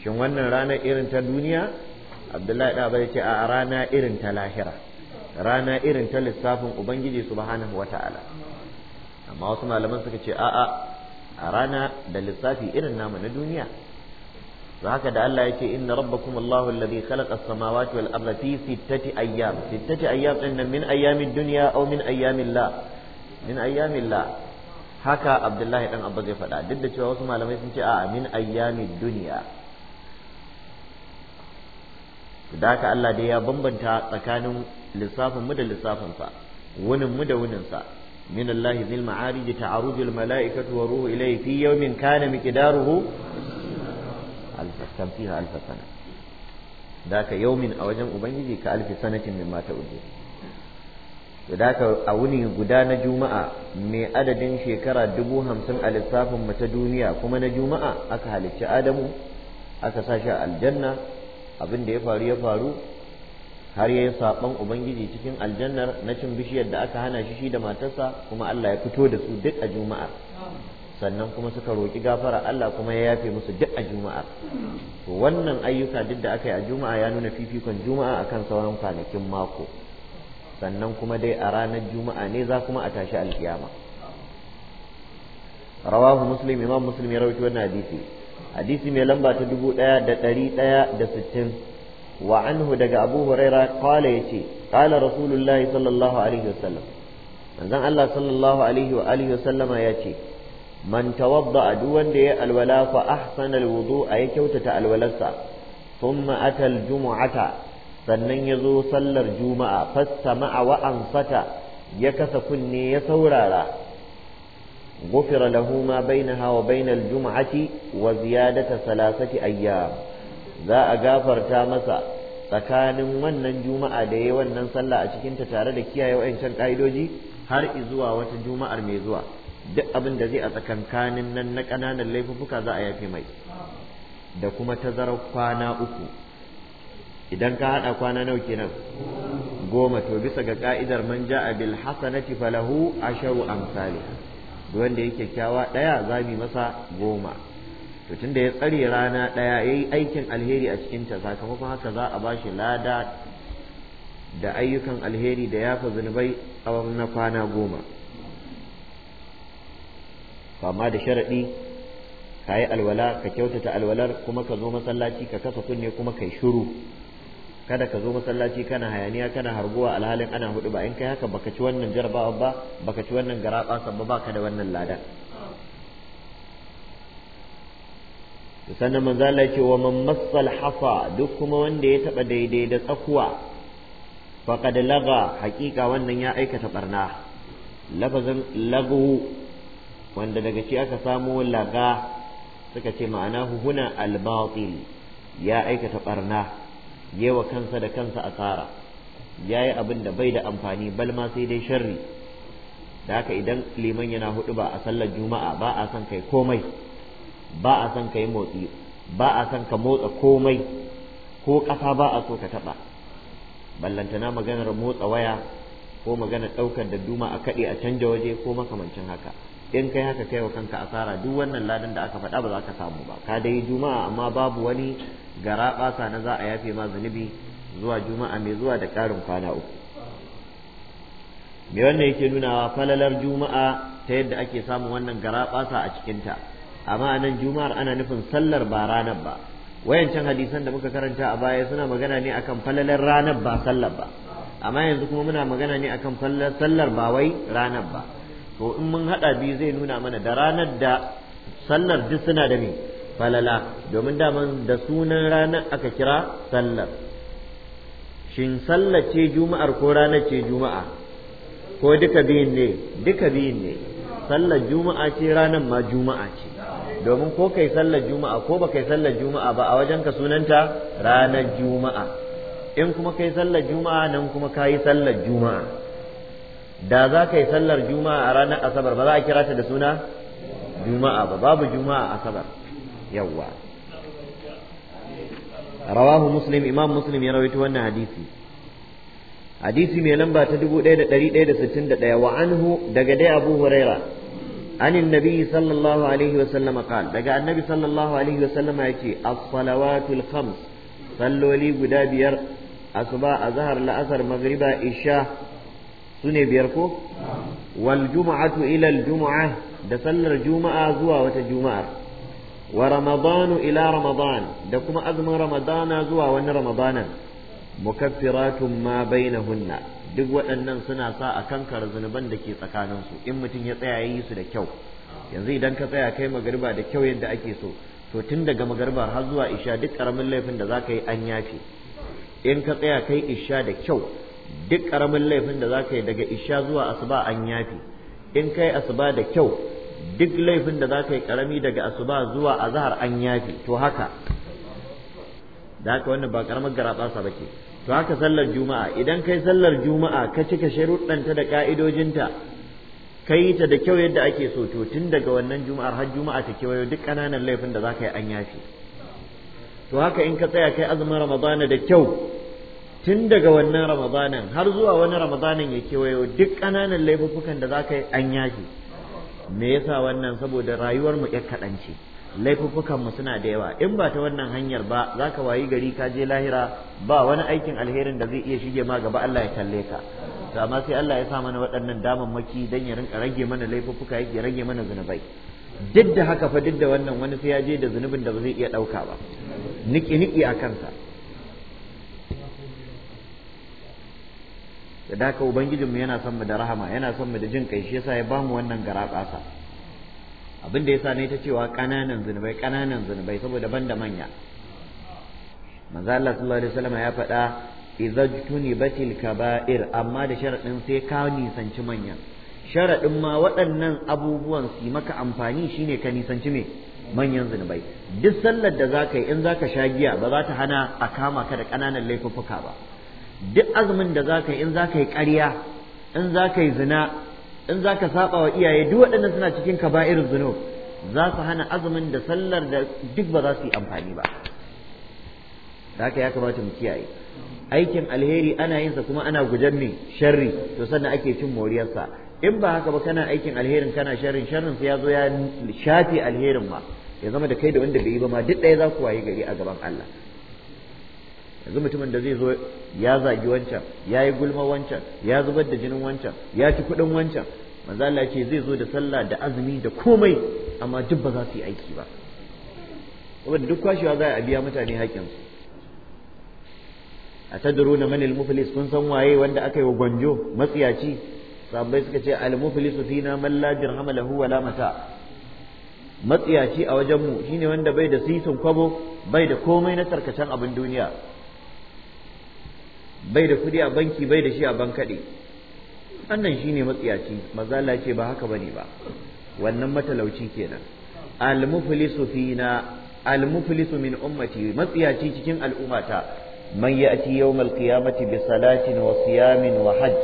shin wannan rana irin ta duniya abdullahi ɗaba ya ce a rana irin ta lahira rana irin ta lissafin ubangiji subhanahu wa ta'ala amma wasu malaman suka ce a'a a rana da lissafi irin namu na duniya haka da Allah ya ce inna rabbakum Allahu alladhi khalaqa as-samawati wal arda fi sittati ayyam sittati ayyam din min ayyamid dunya aw min ayyamillah min ayyamillah haka abdullahi dan abbas zai faɗa duk da cewa wasu malamai sun ce a min ayyami duniya da haka Allah dai ya bambanta tsakanin lissafin mu da lissafin sa wunin mu da wunin sa min Allah zil ma'arij ta'arujul mala'ikatu wa ruhu ilayhi fi yawmin kana miqdaruhu alfatan fiha alfatan da haka yawmin a wajen ubangiji ka alfi sanatin mimma ta'uddu to da ka a wuni guda na juma'a mai adadin shekara dubu hamsin a lissafin mu ta duniya kuma na juma'a aka halicci adamu aka sa shi a aljanna abin da ya faru ya faru har ya yi saɓon ubangiji cikin aljannar na cin bishiyar da aka hana shi shi da matarsa kuma Allah ya fito da su duk a juma'a sannan kuma suka roƙi gafara Allah kuma ya yafe musu duk a juma'a to wannan ayyuka duk da aka yi a juma'a ya nuna fifikon juma'a akan sauran kwanakin mako sannan kuma dai a ranar juma'a ne za kuma a tashi alkiyama rawahu muslim imam muslim ya rawaito wannan hadisi hadisi mai lamba ta dubu ɗaya da ɗari ɗaya da sittin wa anhu daga abu huraira qala yace qala rasulullahi sallallahu alaihi wasallam manzon Allah sallallahu alaihi wa alihi wasallama yace man tawadda duk wanda ya alwala fa ahsana alwudu ya kyautata alwalarsa thumma ata aljum'ata sannan ya zo sallar juma'a fastama'a wa ansata ya kasa kunne ya saurara gufira lahu ma bainaha wa bainal jum'ati wa ziyadata salasati ayyam za a gafarta masa tsakanin wannan juma'a da yayi wannan sallah a cikin ta tare da kiyaye wa'ancan ka'idoji har zuwa wata juma'ar mai zuwa duk abin da zai a tsakankanin nan na ƙananan laifuffuka za a yafe mai da kuma tazarar kwana uku idan ka haɗa kwana nawa kenan goma to bisa ga ka'idar man ja'a bil hasanati falahu asharu amsalha wanda yake kyawa daya zabi masa goma to tunda ya tsare rana daya yayi aikin alheri a cikin ta sakamakon haka za a bashi lada da ayyukan alheri da yafa zunubai tsawon na kwana goma amma da sharaɗi ka yi alwala ka kyautata alwalar kuma ka zo masallaci ka kasa kunne kuma kai shuru kada ka zo masallaci kana hayaniya kana harguwa alhalin ana hudu ba in kai haka baka ci wannan jarabawa ba baka ci wannan garaba sabba baka da wannan lada sannan manzo Allah ce wa man massal hafa duk kuma wanda ya taba daidai da tsakuwa faqad laga haqiqa wannan ya aikata barna lafazin lagu wanda daga ci aka samo laga suka ce ma'ana huna al-batil ya aikata barna yewa kansa da kansa asara ya yi abin da bai da amfani bal ma sai dai sharri da haka idan liman yana hudu ba a sallar juma'a ba a son kai komai ba a son kai motsi ba a son ka motsa komai ko kafa ba a so ka taba ballantana maganar motsa waya ko maganar daukar da duma a kaɗe a canja waje ko makamancin haka in kai haka kai wa kanka asara duk wannan ladan da aka faɗa ba za ka samu ba ka dai juma'a amma babu wani gara ɓasa na za a yafe ma zunubi zuwa juma'a mai zuwa da ƙarin kwana uku me wannan yake nunawa falalar juma'a ta yadda ake samun wannan gara ɓasa a cikinta amma a nan juma'ar ana nufin sallar ba ranar ba wayancan hadisan da muka karanta a baya suna magana ne akan falalar ranar ba sallar ba amma yanzu kuma muna magana ne akan falalar sallar ba wai ranar ba to in mun haɗa biyu zai nuna mana da ranar da sallar duk suna da me falala domin daman da sunan ranar aka kira sallar shin sallar ce juma'ar ko ranar ce juma'a ko duka biyun ne duka biyun ne sallar juma'a ce ranar ma juma'a ce domin ko kai sallar juma'a ko ba kai sallar juma'a ba a wajen ka sunanta ranar juma'a in kuma kai sallar juma'a nan kuma kayi sallar juma'a da za ka yi sallar juma'a a ranar asabar ba za a kira ta da suna juma'a ba babu juma'a asabar yawwa rawahu muslim imam muslim ya rawaito wannan hadisi hadisi mai lamba ta 1161 wa anhu daga dai abu huraira عن النبي صلى الله عليه وسلم قال دقى النبي صلى الله عليه وسلم يأتي الصلوات الخمس صلوا لي قدابير أصباء أزهر لأثر مغربا إشاء su ne biyar ko wal juma'atu ila al juma'a da sallar juma'a zuwa wata juma'a wa ramadanu ila ramadan da kuma azumin ramadana zuwa wani ramadanan mukaffiratun ma bainahunna duk waɗannan suna sa a kankara zunuban da ke tsakaninsu in mutum ya tsaya yi su da kyau yanzu idan ka tsaya kai magariba da kyau yadda ake so to tun daga magariba har zuwa isha duk ƙaramin laifin da za ka yi an yafe in ka tsaya kai isha da kyau duk karamin laifin da zaka yi daga isha zuwa asuba an yafi in kai asuba da kyau duk laifin da zaka yi karami daga asuba zuwa azhar an yafi to haka da haka wannan ba karamar garabasa bace to haka sallar juma'a idan kai sallar juma'a ka cika sharuɗanta da ka'idojinta ka yi ta da kyau yadda ake so to tun daga wannan juma'ar har juma'a ta kewayo duk ƙananan laifin da zaka yi an yafi to haka in ka tsaya kai azumin ramadana da kyau tun daga wannan ramadanin har zuwa wani ramadanin ya kewayo duk ƙananan laifukan da za ka yi an yaki me yasa wannan saboda rayuwar mu ƴar kaɗan ce laifukan mu suna da yawa in ba ta wannan hanyar ba za ka wayi gari ka je lahira ba wani aikin alherin da zai iya shige ma gaba Allah ya kalle ka to amma sai Allah ya sa mana waɗannan damammaki dan ya rinka rage mana laifuka ya rage mana zunubai duk da haka fa duk da wannan wani sai ya je da zunubin da ba zai iya ɗauka ba niki niki a kansa da daka ubangijinmu yana son mu da rahama yana son mu da jin kai shi yasa ya bamu wannan garatsasa abin da yasa ne ta cewa kananan zunubai kananan zunubai saboda banda manya manzo Allah sallallahu alaihi wasallam ya faɗa batil kaba'ir amma da sharadin sai ka nisanci manyan sharadin ma waɗannan abubuwan su maka amfani shine ka nisanci me manyan zunubai duk sallar da zaka yi in zaka sha giya ba za ta hana a kama ka da kananan laifuffuka ba duk azumin da za ka yi in za ka yi ƙarya in za ka yi zina in za ka saba wa iyaye duk waɗannan suna cikin ka ba'irin zino za su hana azumin da sallar da duk ba za su yi amfani ba da haka ya kamata mu kiyaye aikin alheri ana yin sa kuma ana gujen ne sharri to sannan ake cin moriyarsa in ba haka ba kana aikin alherin kana sharrin sharrin sai ya zo ya shafe alherin ma ya zama da kai da wanda bai yi ba ma duk ɗaya za ku waye gari a gaban Allah yanzu mutumin da zai zo ya zagi wancan ya yi gulma wancan ya zubar da jinin wancan ya ci kuɗin wancan manzo Allah ce zai zo da sallah da azumi da komai amma duk ba za su yi aiki ba saboda duk kwashewa za a biya mutane su? a tadruna na manil muflis kun san waye wanda aka yi wa gwanjo matsiyaci sabai suka ce al-muflis fina man la dirham lahu wala mata matsiyaci a wajen mu shine wanda bai da sisin kwabo bai da komai na tarkacen abin duniya bai da kuɗi a banki bai da shi a bankaɗe wannan shine matsiyaci mazala ce ba haka bane ba wannan matalauci kenan almuflisu fina almuflisu min ummati matsiyaci cikin al'ummata man ya'ti yawmal qiyamati bi salatin wa siyamin wa hajj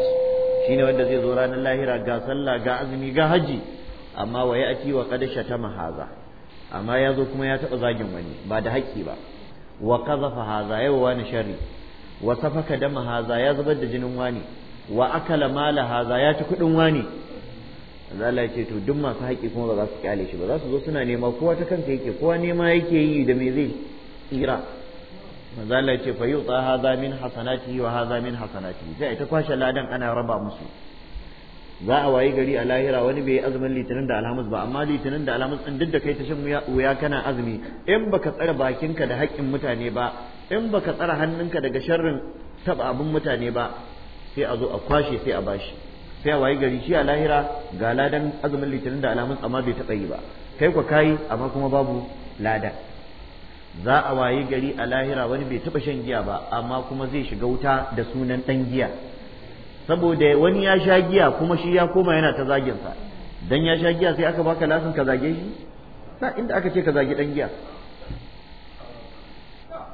shine wanda zai zo ranar lahira ga sallah ga azumi ga hajji. amma wa ya'ti wa qad shatama haza amma ya zo kuma ya taɓa zagin wani ba da haƙƙi ba wa qazafa haza yau wani sharri wa safaka dama haza ya zubar da jinin wani wa akala mala haza ya ci kuɗin wani Allah ya ce to duk masu haƙi kuma ba za su kyale shi ba za su zo suna nema kowa ta kanka yake kowa nema yake yi da me zai tsira manzo Allah ya ce fa yuta haza min hasanati wa haza min hasanati sai ta kwashe ladan ana raba musu za a wayi gari a lahira wani bai azumin litinin da alhamis ba amma litinin da alhamis din duk da kai ta shan wuya kana azumi in baka tsare bakinka da haƙƙin mutane ba in baka tsara hannunka daga sharrin taba abin mutane ba sai a zo a kwashe sai a bashi sai a wayi gari shi a lahira ga ladan azumin litinin da alamun amma bai taɓa yi ba kai kwa kayi amma kuma babu ladan za a wayi gari a lahira wani bai taɓa shan giya ba amma kuma zai shiga wuta da sunan ɗan giya saboda wani ya sha giya kuma shi ya koma yana ta zaginsa dan ya sha giya sai aka baka lasin ka zage shi na inda aka ce ka zagi ɗan giya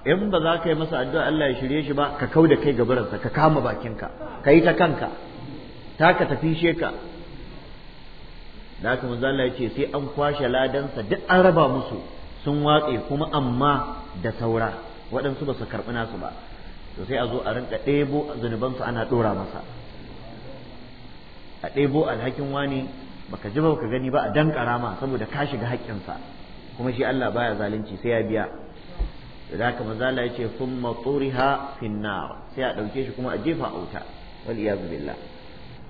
in ba za ka yi masa addu'a Allah ya shirye shi ba ka kau da kai gabaransa ka kama bakinka ka yi ta kanka ta ka tafi sheka da haka manzo Allah ce sai an kwashe ladansa duk an raba musu sun watse kuma amma da saura waɗansu ba su karɓi nasu ba to sai a zo a rinka ɗebo zunubansu ana ɗora masa a ɗebo alhakin wani baka ji ba ka gani ba a dankara ma saboda ka shiga haƙƙinsa kuma shi Allah baya zalunci sai ya biya da zaka manzo Allah yace thumma turiha finnar sai a ɗauke shi kuma a jefa a wuta wal iyaz billah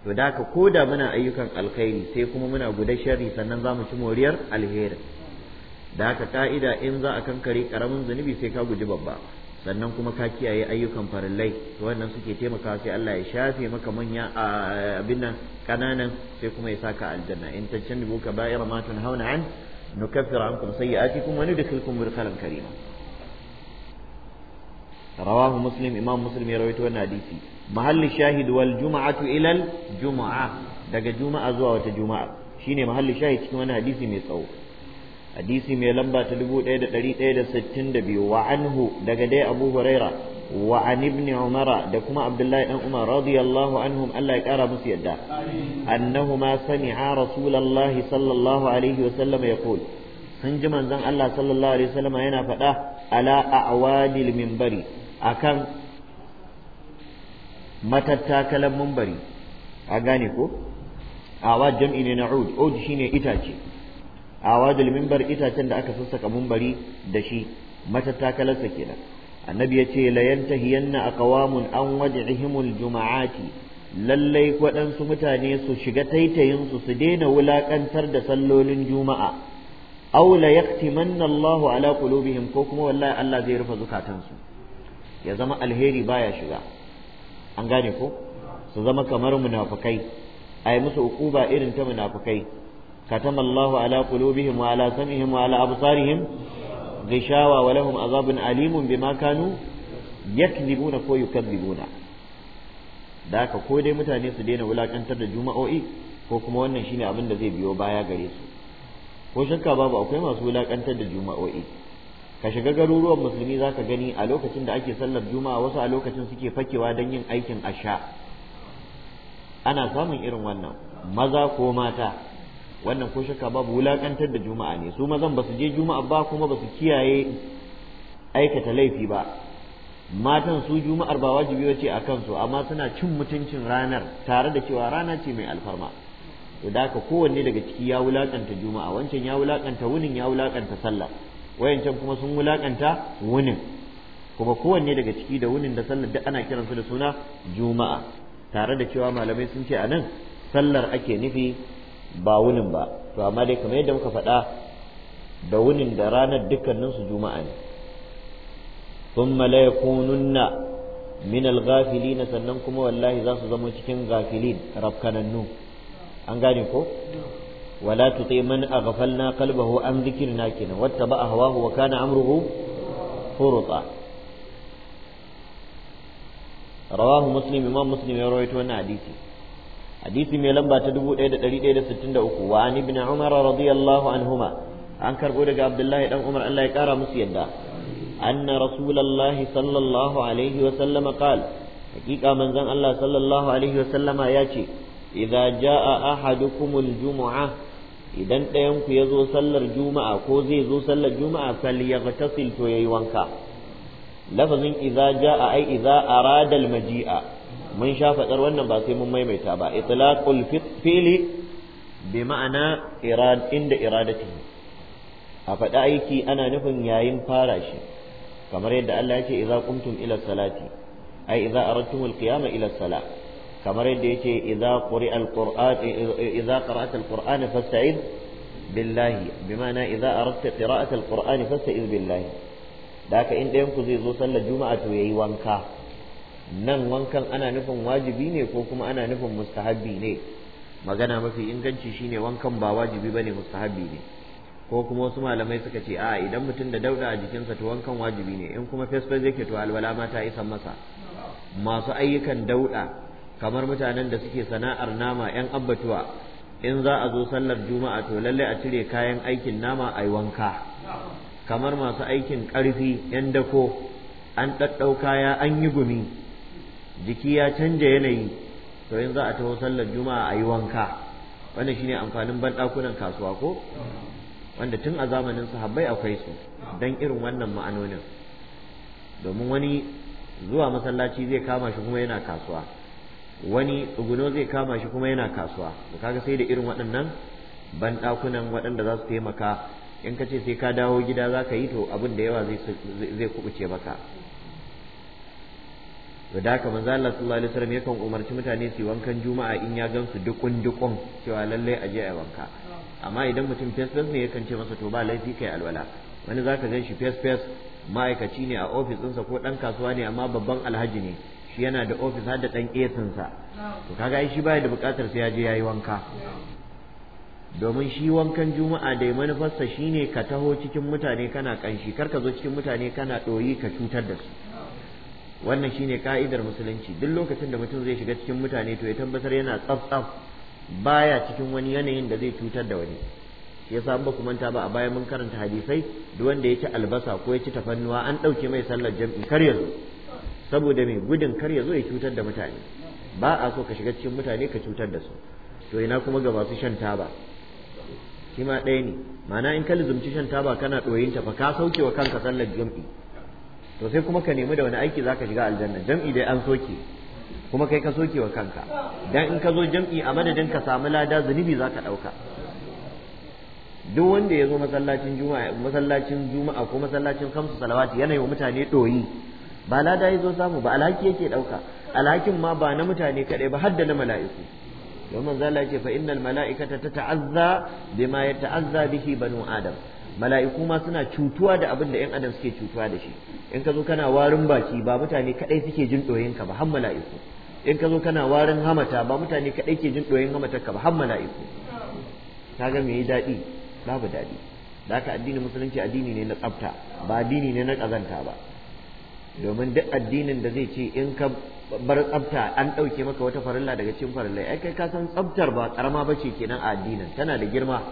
to da ka koda muna ayyukan alkhairi sai kuma muna guda sharri sannan zamu ci moriyar alheri da haka ka'ida in za a kankare karamin zunubi sai ka guji babba sannan kuma ka kiyaye ayyukan farillai to wannan suke taimakawa sai Allah ya shafe maka manya abin nan kananan sai kuma ya saka aljanna in tajtanibu kaba'ira ma tunhauna an nukaffiru ankum sayyi'atikum wa nudkhilukum mudkhalan karima rawahu muslim imam muslim ya rawaito wannan hadisi mahalli shahid wal ilal juma'a daga juma'a zuwa wata juma'a shine mahalli shahid cikin wannan adisi mai tsawo adisi mai lamba ta 1162 wa anhu daga dai abu huraira wa an ibn umar da kuma abdullahi dan umar radiyallahu anhum Allah ya kara musu yadda annahuma sami'a rasulullahi sallallahu alaihi wa sallam yaqul sun ji manzon Allah sallallahu alaihi wa sallam yana faɗa ala a'wadil minbari akan matattakalan mumbari a gane ko awa jam'i ne na ud ud shine itace awa dal mimbar itacen da aka sassaka mumbari da shi sa kenan annabi yace la yantahiyanna aqwamun an wad'ihimul juma'ati lallai waɗansu mutane su shiga taitayinsu su daina wulaƙantar da sallolin juma'a aw la yaqtimanna Allahu ala qulubihim ko kuma wallahi Allah zai rufe zukatansu ya zama alheri baya shiga an gane ko su zama kamar munafukai a yi musu ukuba irin ta munafukai katama Allahu ala qulubihim wa ala sam'ihim wa ala absarihim gishawa wa lahum azabun alimun bima kanu yakdhibuna ko da haka ko dai mutane su daina wulakantar da juma'o'i ko kuma wannan shine abin da zai biyo baya gare su ko shakka babu akwai masu wulakantar da juma'o'i ka shiga garuruwan musulmi zaka gani a lokacin da ake sallar juma'a wasu a lokacin suke fakewa don yin aikin asha ana samun irin wannan maza ko mata wannan ko shakka babu wulakantar da juma'a ne su mazan ba su je juma'a ba kuma ba su kiyaye aikata laifi ba matan su juma'ar ba wajibi wace a kansu amma suna cin mutuncin ranar tare da cewa rana ce mai alfarma to da haka kowanne daga ciki ya wulakanta juma'a wancan ya wulakanta wunin ya wulakanta sallah wayancan kuma sun wulakanta wunin kuma kowanne daga ciki da wunin da sallar duk ana su da suna juma'a tare da cewa malamai sun ce a nan sallar ake nufi ba wunin ba to amma dai kamar yadda muka faɗa da wunin da ranar dukkaninsu juma'a ne la yakununna min al-ghafilin sannan kuma wallahi za su zama cikin ghafilin rafkanannu an gane ko ولا تطيع من أغفلنا قلبه عن ذكرنا كنا واتبع هواه وكان أمره فرطا رواه مسلم إمام مسلم يروي تونا حديثي حديثي من لمبا تدبو إيدا تريد إيدا ستين دأكو وعن ابن عمر رضي الله عنهما عن كربولة عبد الله بن عمر أن لا يكارى مسيدا أن رسول الله صلى الله عليه وسلم قال حقيقة من زن الله صلى الله عليه وسلم ياتي إذا جاء أحدكم الجمعة idan ɗayan ku ya zo sallar juma'a ko zai zo sallar juma'a sal yaghtasil to yayi wanka lafazin idza a ai iza a radal maji'a mun sha wannan ba sai mun maimaita ba itlaqul fi'li bi ma'ana irad inda iradatihi a faɗi aiki ana nufin yayin fara shi kamar yadda Allah ya ce idza qumtum ila salati ai idza aradtum qiyama ila salah kamar yadda yake idza quri'a alquran idza qara'ta alquran fasta'id billahi bima'ana idza aradta qira'ata alquran fasta'id billahi da haka in ɗayan ku zai zo sallar juma'a to yayi wanka nan wankan ana nufin wajibi ne ko kuma ana nufin mustahabbi ne magana mafi inganci shine wankan ba wajibi bane mustahabbi ne ko kuma wasu malamai suka ce a idan mutum da dauda a jikinsa to wankan wajibi ne in kuma fesfes yake to alwala ma ta isan masa masu ayyukan dauda kamar mutanen da suke sana'ar nama yan abbatuwa in za a zo sallar juma'a to lallai a cire kayan aikin nama a wanka kamar masu aikin ƙarfi yan dako an ɗaɗɗau kaya an yi gumi jiki ya canja yanayi to in za a taho sallar juma'a a yi wanka wannan shine amfanin banɗakunan kasuwa ko wanda tun a zamanin sahabbai akwai su don irin wannan ma'anonin domin wani zuwa masallaci zai kama shi kuma yana kasuwa wani tsuguno zai kama shi kuma yana kasuwa to kaga sai da irin waɗannan ban ɗakunan waɗanda za su taimaka in ka ce sai ka dawo gida za ka yi to abin da yawa zai kubuce maka to da haka manzo Allah sallallahu alaihi wasallam yakan umarci mutane su wankan juma'a in ya gansu dukun dukun cewa lalle a je a wanka amma idan mutum face face ne yakan ce masa to ba laifi kai alwala wani zaka gan shi face ma'aikaci ne a ofis ɗinsa ko ɗan kasuwa ne amma babban alhaji ne shi yana da ofis har da ɗan esinsa to kaga ai shi baya da buƙatar sai ya je yayi wanka domin shi wankan juma'a da manufarsa shine ka taho cikin mutane kana kanshi kar ka zo cikin mutane kana ɗoyi ka cutar da su wannan shine ka'idar musulunci duk lokacin da mutum zai shiga cikin mutane to ya tabbatar yana tsaf-tsaf baya cikin wani yanayin da zai cutar da wani shi yasa ba ku manta ba a baya mun karanta hadisai duk wanda ya ci albasa ko ya ci tafannuwa an ɗauke mai sallar jam'i kar ya zo saboda mai gudun kar ya zo ya cutar da mutane ba a so ka shiga cikin mutane ka cutar da su to ina kuma ga masu shan taba shi ma ɗaya ne ma'ana in ka lizumci shan taba kana ɗoyin ta fa ka sauke wa kanka sallar jam'i to sai kuma ka nemi da wani aiki za ka shiga aljanna jam'i dai an soke kuma kai ka soke wa kanka dan in ka zo jam'i a madadin ka samu lada zunubi za ka ɗauka duk wanda ya zo masallacin juma'a masallacin juma'a ko masallacin kamsu salawati yana yi wa mutane ɗoyi ba lada ya zo samu ba alhaki yake ɗauka alhakin ma ba na mutane kaɗai ba har da na mala'iku domin zala ce fa innal mala'ikata ta ta'azza bima ya ta'azza bihi banu adam mala'iku ma suna cutuwa da abin da 'yan adam suke cutuwa da shi in ka zo kana warin baki ba mutane kaɗai suke jin ɗoyinka ba har mala'iku in ka zo kana warin hamata ba mutane kaɗai ke jin ɗoyin hamatarka ba har mala'iku ka ga me daɗi babu daɗi da haka addinin musulunci addini ne na tsafta ba addini ne na ƙazanta ba domin duk addinin da zai ce in ka bar tsabta an ɗauke maka wata farilla daga cikin farilla ai kai ka san tsaftar ba karama ba ce kenan a addinin tana da girma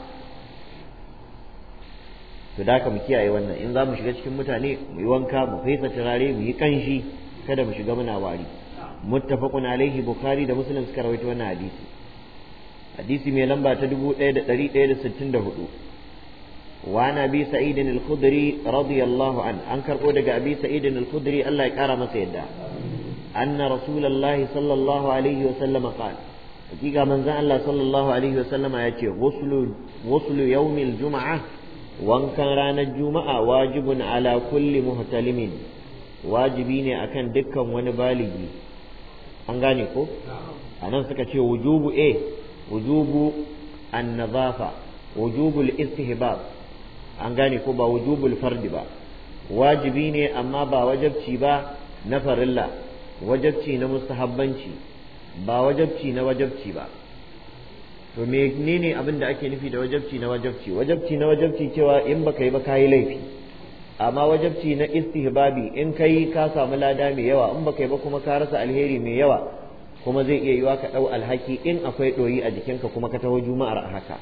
to da mu kiyaye wannan in za mu shiga cikin mutane mu yi wanka mu fesa turare mu yi kanshi kada mu shiga muna wari muttafaqun alaihi bukhari da muslim suka rawaito wannan hadisi hadisi mai lamba ta 1164 وعن أبي سعيد الخدري رضي الله عنه أنكر قولك أبي سعيد الخدري الله يكرم سيدا أن رسول الله صلى الله عليه وسلم قال حقيقة من زال الله صلى الله عليه وسلم يأتي غسل غسل يوم الجمعة وان كان رانا الجمعة واجب على كل مهتلم واجبين أكن دكا ونبالغي أنغاني كو أنا سكتي وجوب إيه وجوب النظافة وجوب الاستهباب an gane ko ba wujubul fardi ba wajibi ne amma ba wajabci ba na farilla wajabci na mustahabbanci ba wajabci na wajabci ba to me ne abin da ake nufi da wajabci na wajabci wajabci na wajabci cewa in ka yi ba kayi laifi amma wajabci na istihbabi in kai ka samu lada mai yawa in ka yi ba kuma ka rasa alheri mai yawa kuma zai iya yiwa ka ɗau alhaki in akwai ɗoyi a jikinka kuma ka taho juma'ar a haka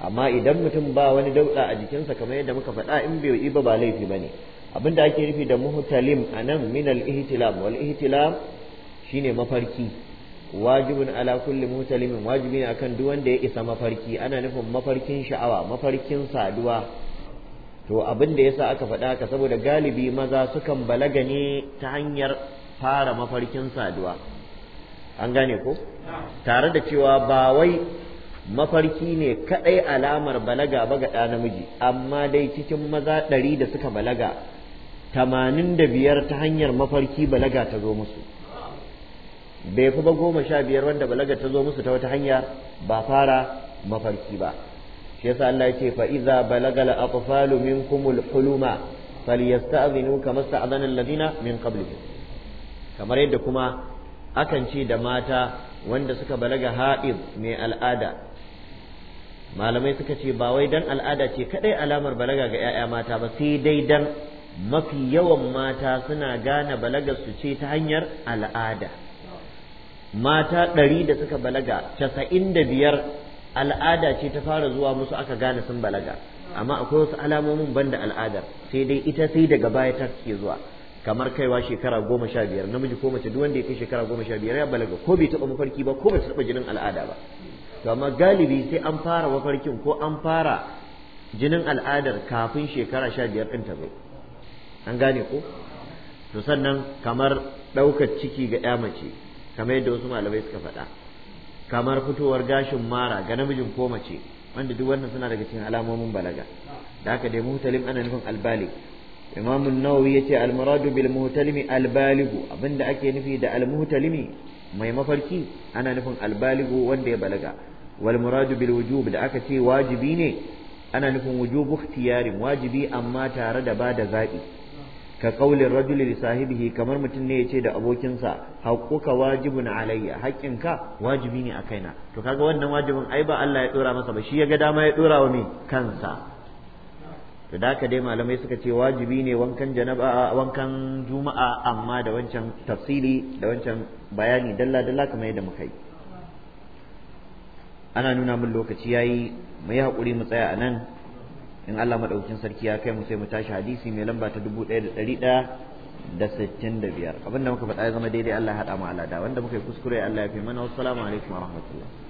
amma idan mutum ba wani dauɗa a jikinsa kamar yadda muka faɗa in bai yi ba ba laifi ba ne abin da ake nufi da muhtalim a nan minal ihtilam wal ihtilam shine mafarki wajibin ala kulli muhtalimin wajibi ne akan duk wanda ya isa mafarki ana nufin mafarkin sha'awa mafarkin saduwa to abin da yasa aka faɗa ka saboda galibi maza sukan balaga ne ta hanyar fara mafarkin saduwa an gane ko tare da cewa ba wai mafarki ne kaɗai alamar balaga ba ga ɗa namiji amma dai cikin maza ɗari da suka balaga tamanin da biyar ta hanyar mafarki balaga ta zo musu bai fi ba goma sha biyar wanda balaga ta zo musu ta wata hanya ba fara mafarki ba shi yasa Allah ya ce fa iza balaga aqfalu atfalu minkumul huluma falyasta'zinu kama sta'zana alladhina min qablihim kamar yadda kuma akan ce da mata wanda suka balaga haɗin mai al'ada malamai suka ce ba wai dan al'ada ce kadai alamar balaga ga 'ya'ya mata ba sai dai dan mafi yawan mata suna gane balaga su ce ta hanyar al'ada mata ɗari da suka balaga casa'in da biyar al'ada ce ta fara zuwa musu aka gane sun balaga amma akwai wasu alamomin da al'adar sai dai ita sai daga baya ta ke zuwa kamar kaiwa shekara goma sha biyar namiji ko mace duk wanda ya kai shekara goma sha biyar ya balaga ko bai taɓa mafarki ba ko bai taɓa jinin al'ada ba to amma galibi sai an fara mafarkin ko an fara jinin al'adar kafin shekara sha biyar ɗin ta zo an gane ko to sannan kamar ɗaukar ciki ga ya mace kamar yadda wasu malamai suka faɗa kamar fitowar gashin mara ga namijin ko mace wanda duk wannan suna daga cikin alamomin balaga da haka dai mutalim ana nufin albali. imam nawawi yace ce almuradu bil mutalimi abinda ake nufi da almuhtalimi mai mafarki ana nufin albaligu wanda ya balaga wal muradu bil wujub da aka ce wajibi ne ana nufin wujubu ikhtiyari wajibi amma tare da bada zabi ka qaulin rajuli li sahibihi kamar mutum ne yace da abokinsa haqquka wajibun alayya ka wajibi ne a kaina to kaga wannan wajibin ai ba Allah ya dora masa ba shi ya ga dama ya dora wa me kansa to da haka dai malamai suka ce wajibi ne wankan janaba wankan juma'a amma da wancan tafsiri da wancan bayani dalla dalla kamar yadda muka yi ana nuna min lokaci yayi mu yi hakuri mu tsaya anan in Allah madaukakin sarki ya kai mu sai mu tashi hadisi mai lamba ta 1165 da sittin da biyar abinda muka faɗa ya zama daidai Allah ya haɗa mu alada wanda muka yi kuskure Allah ya fi mana wasu alaikum wa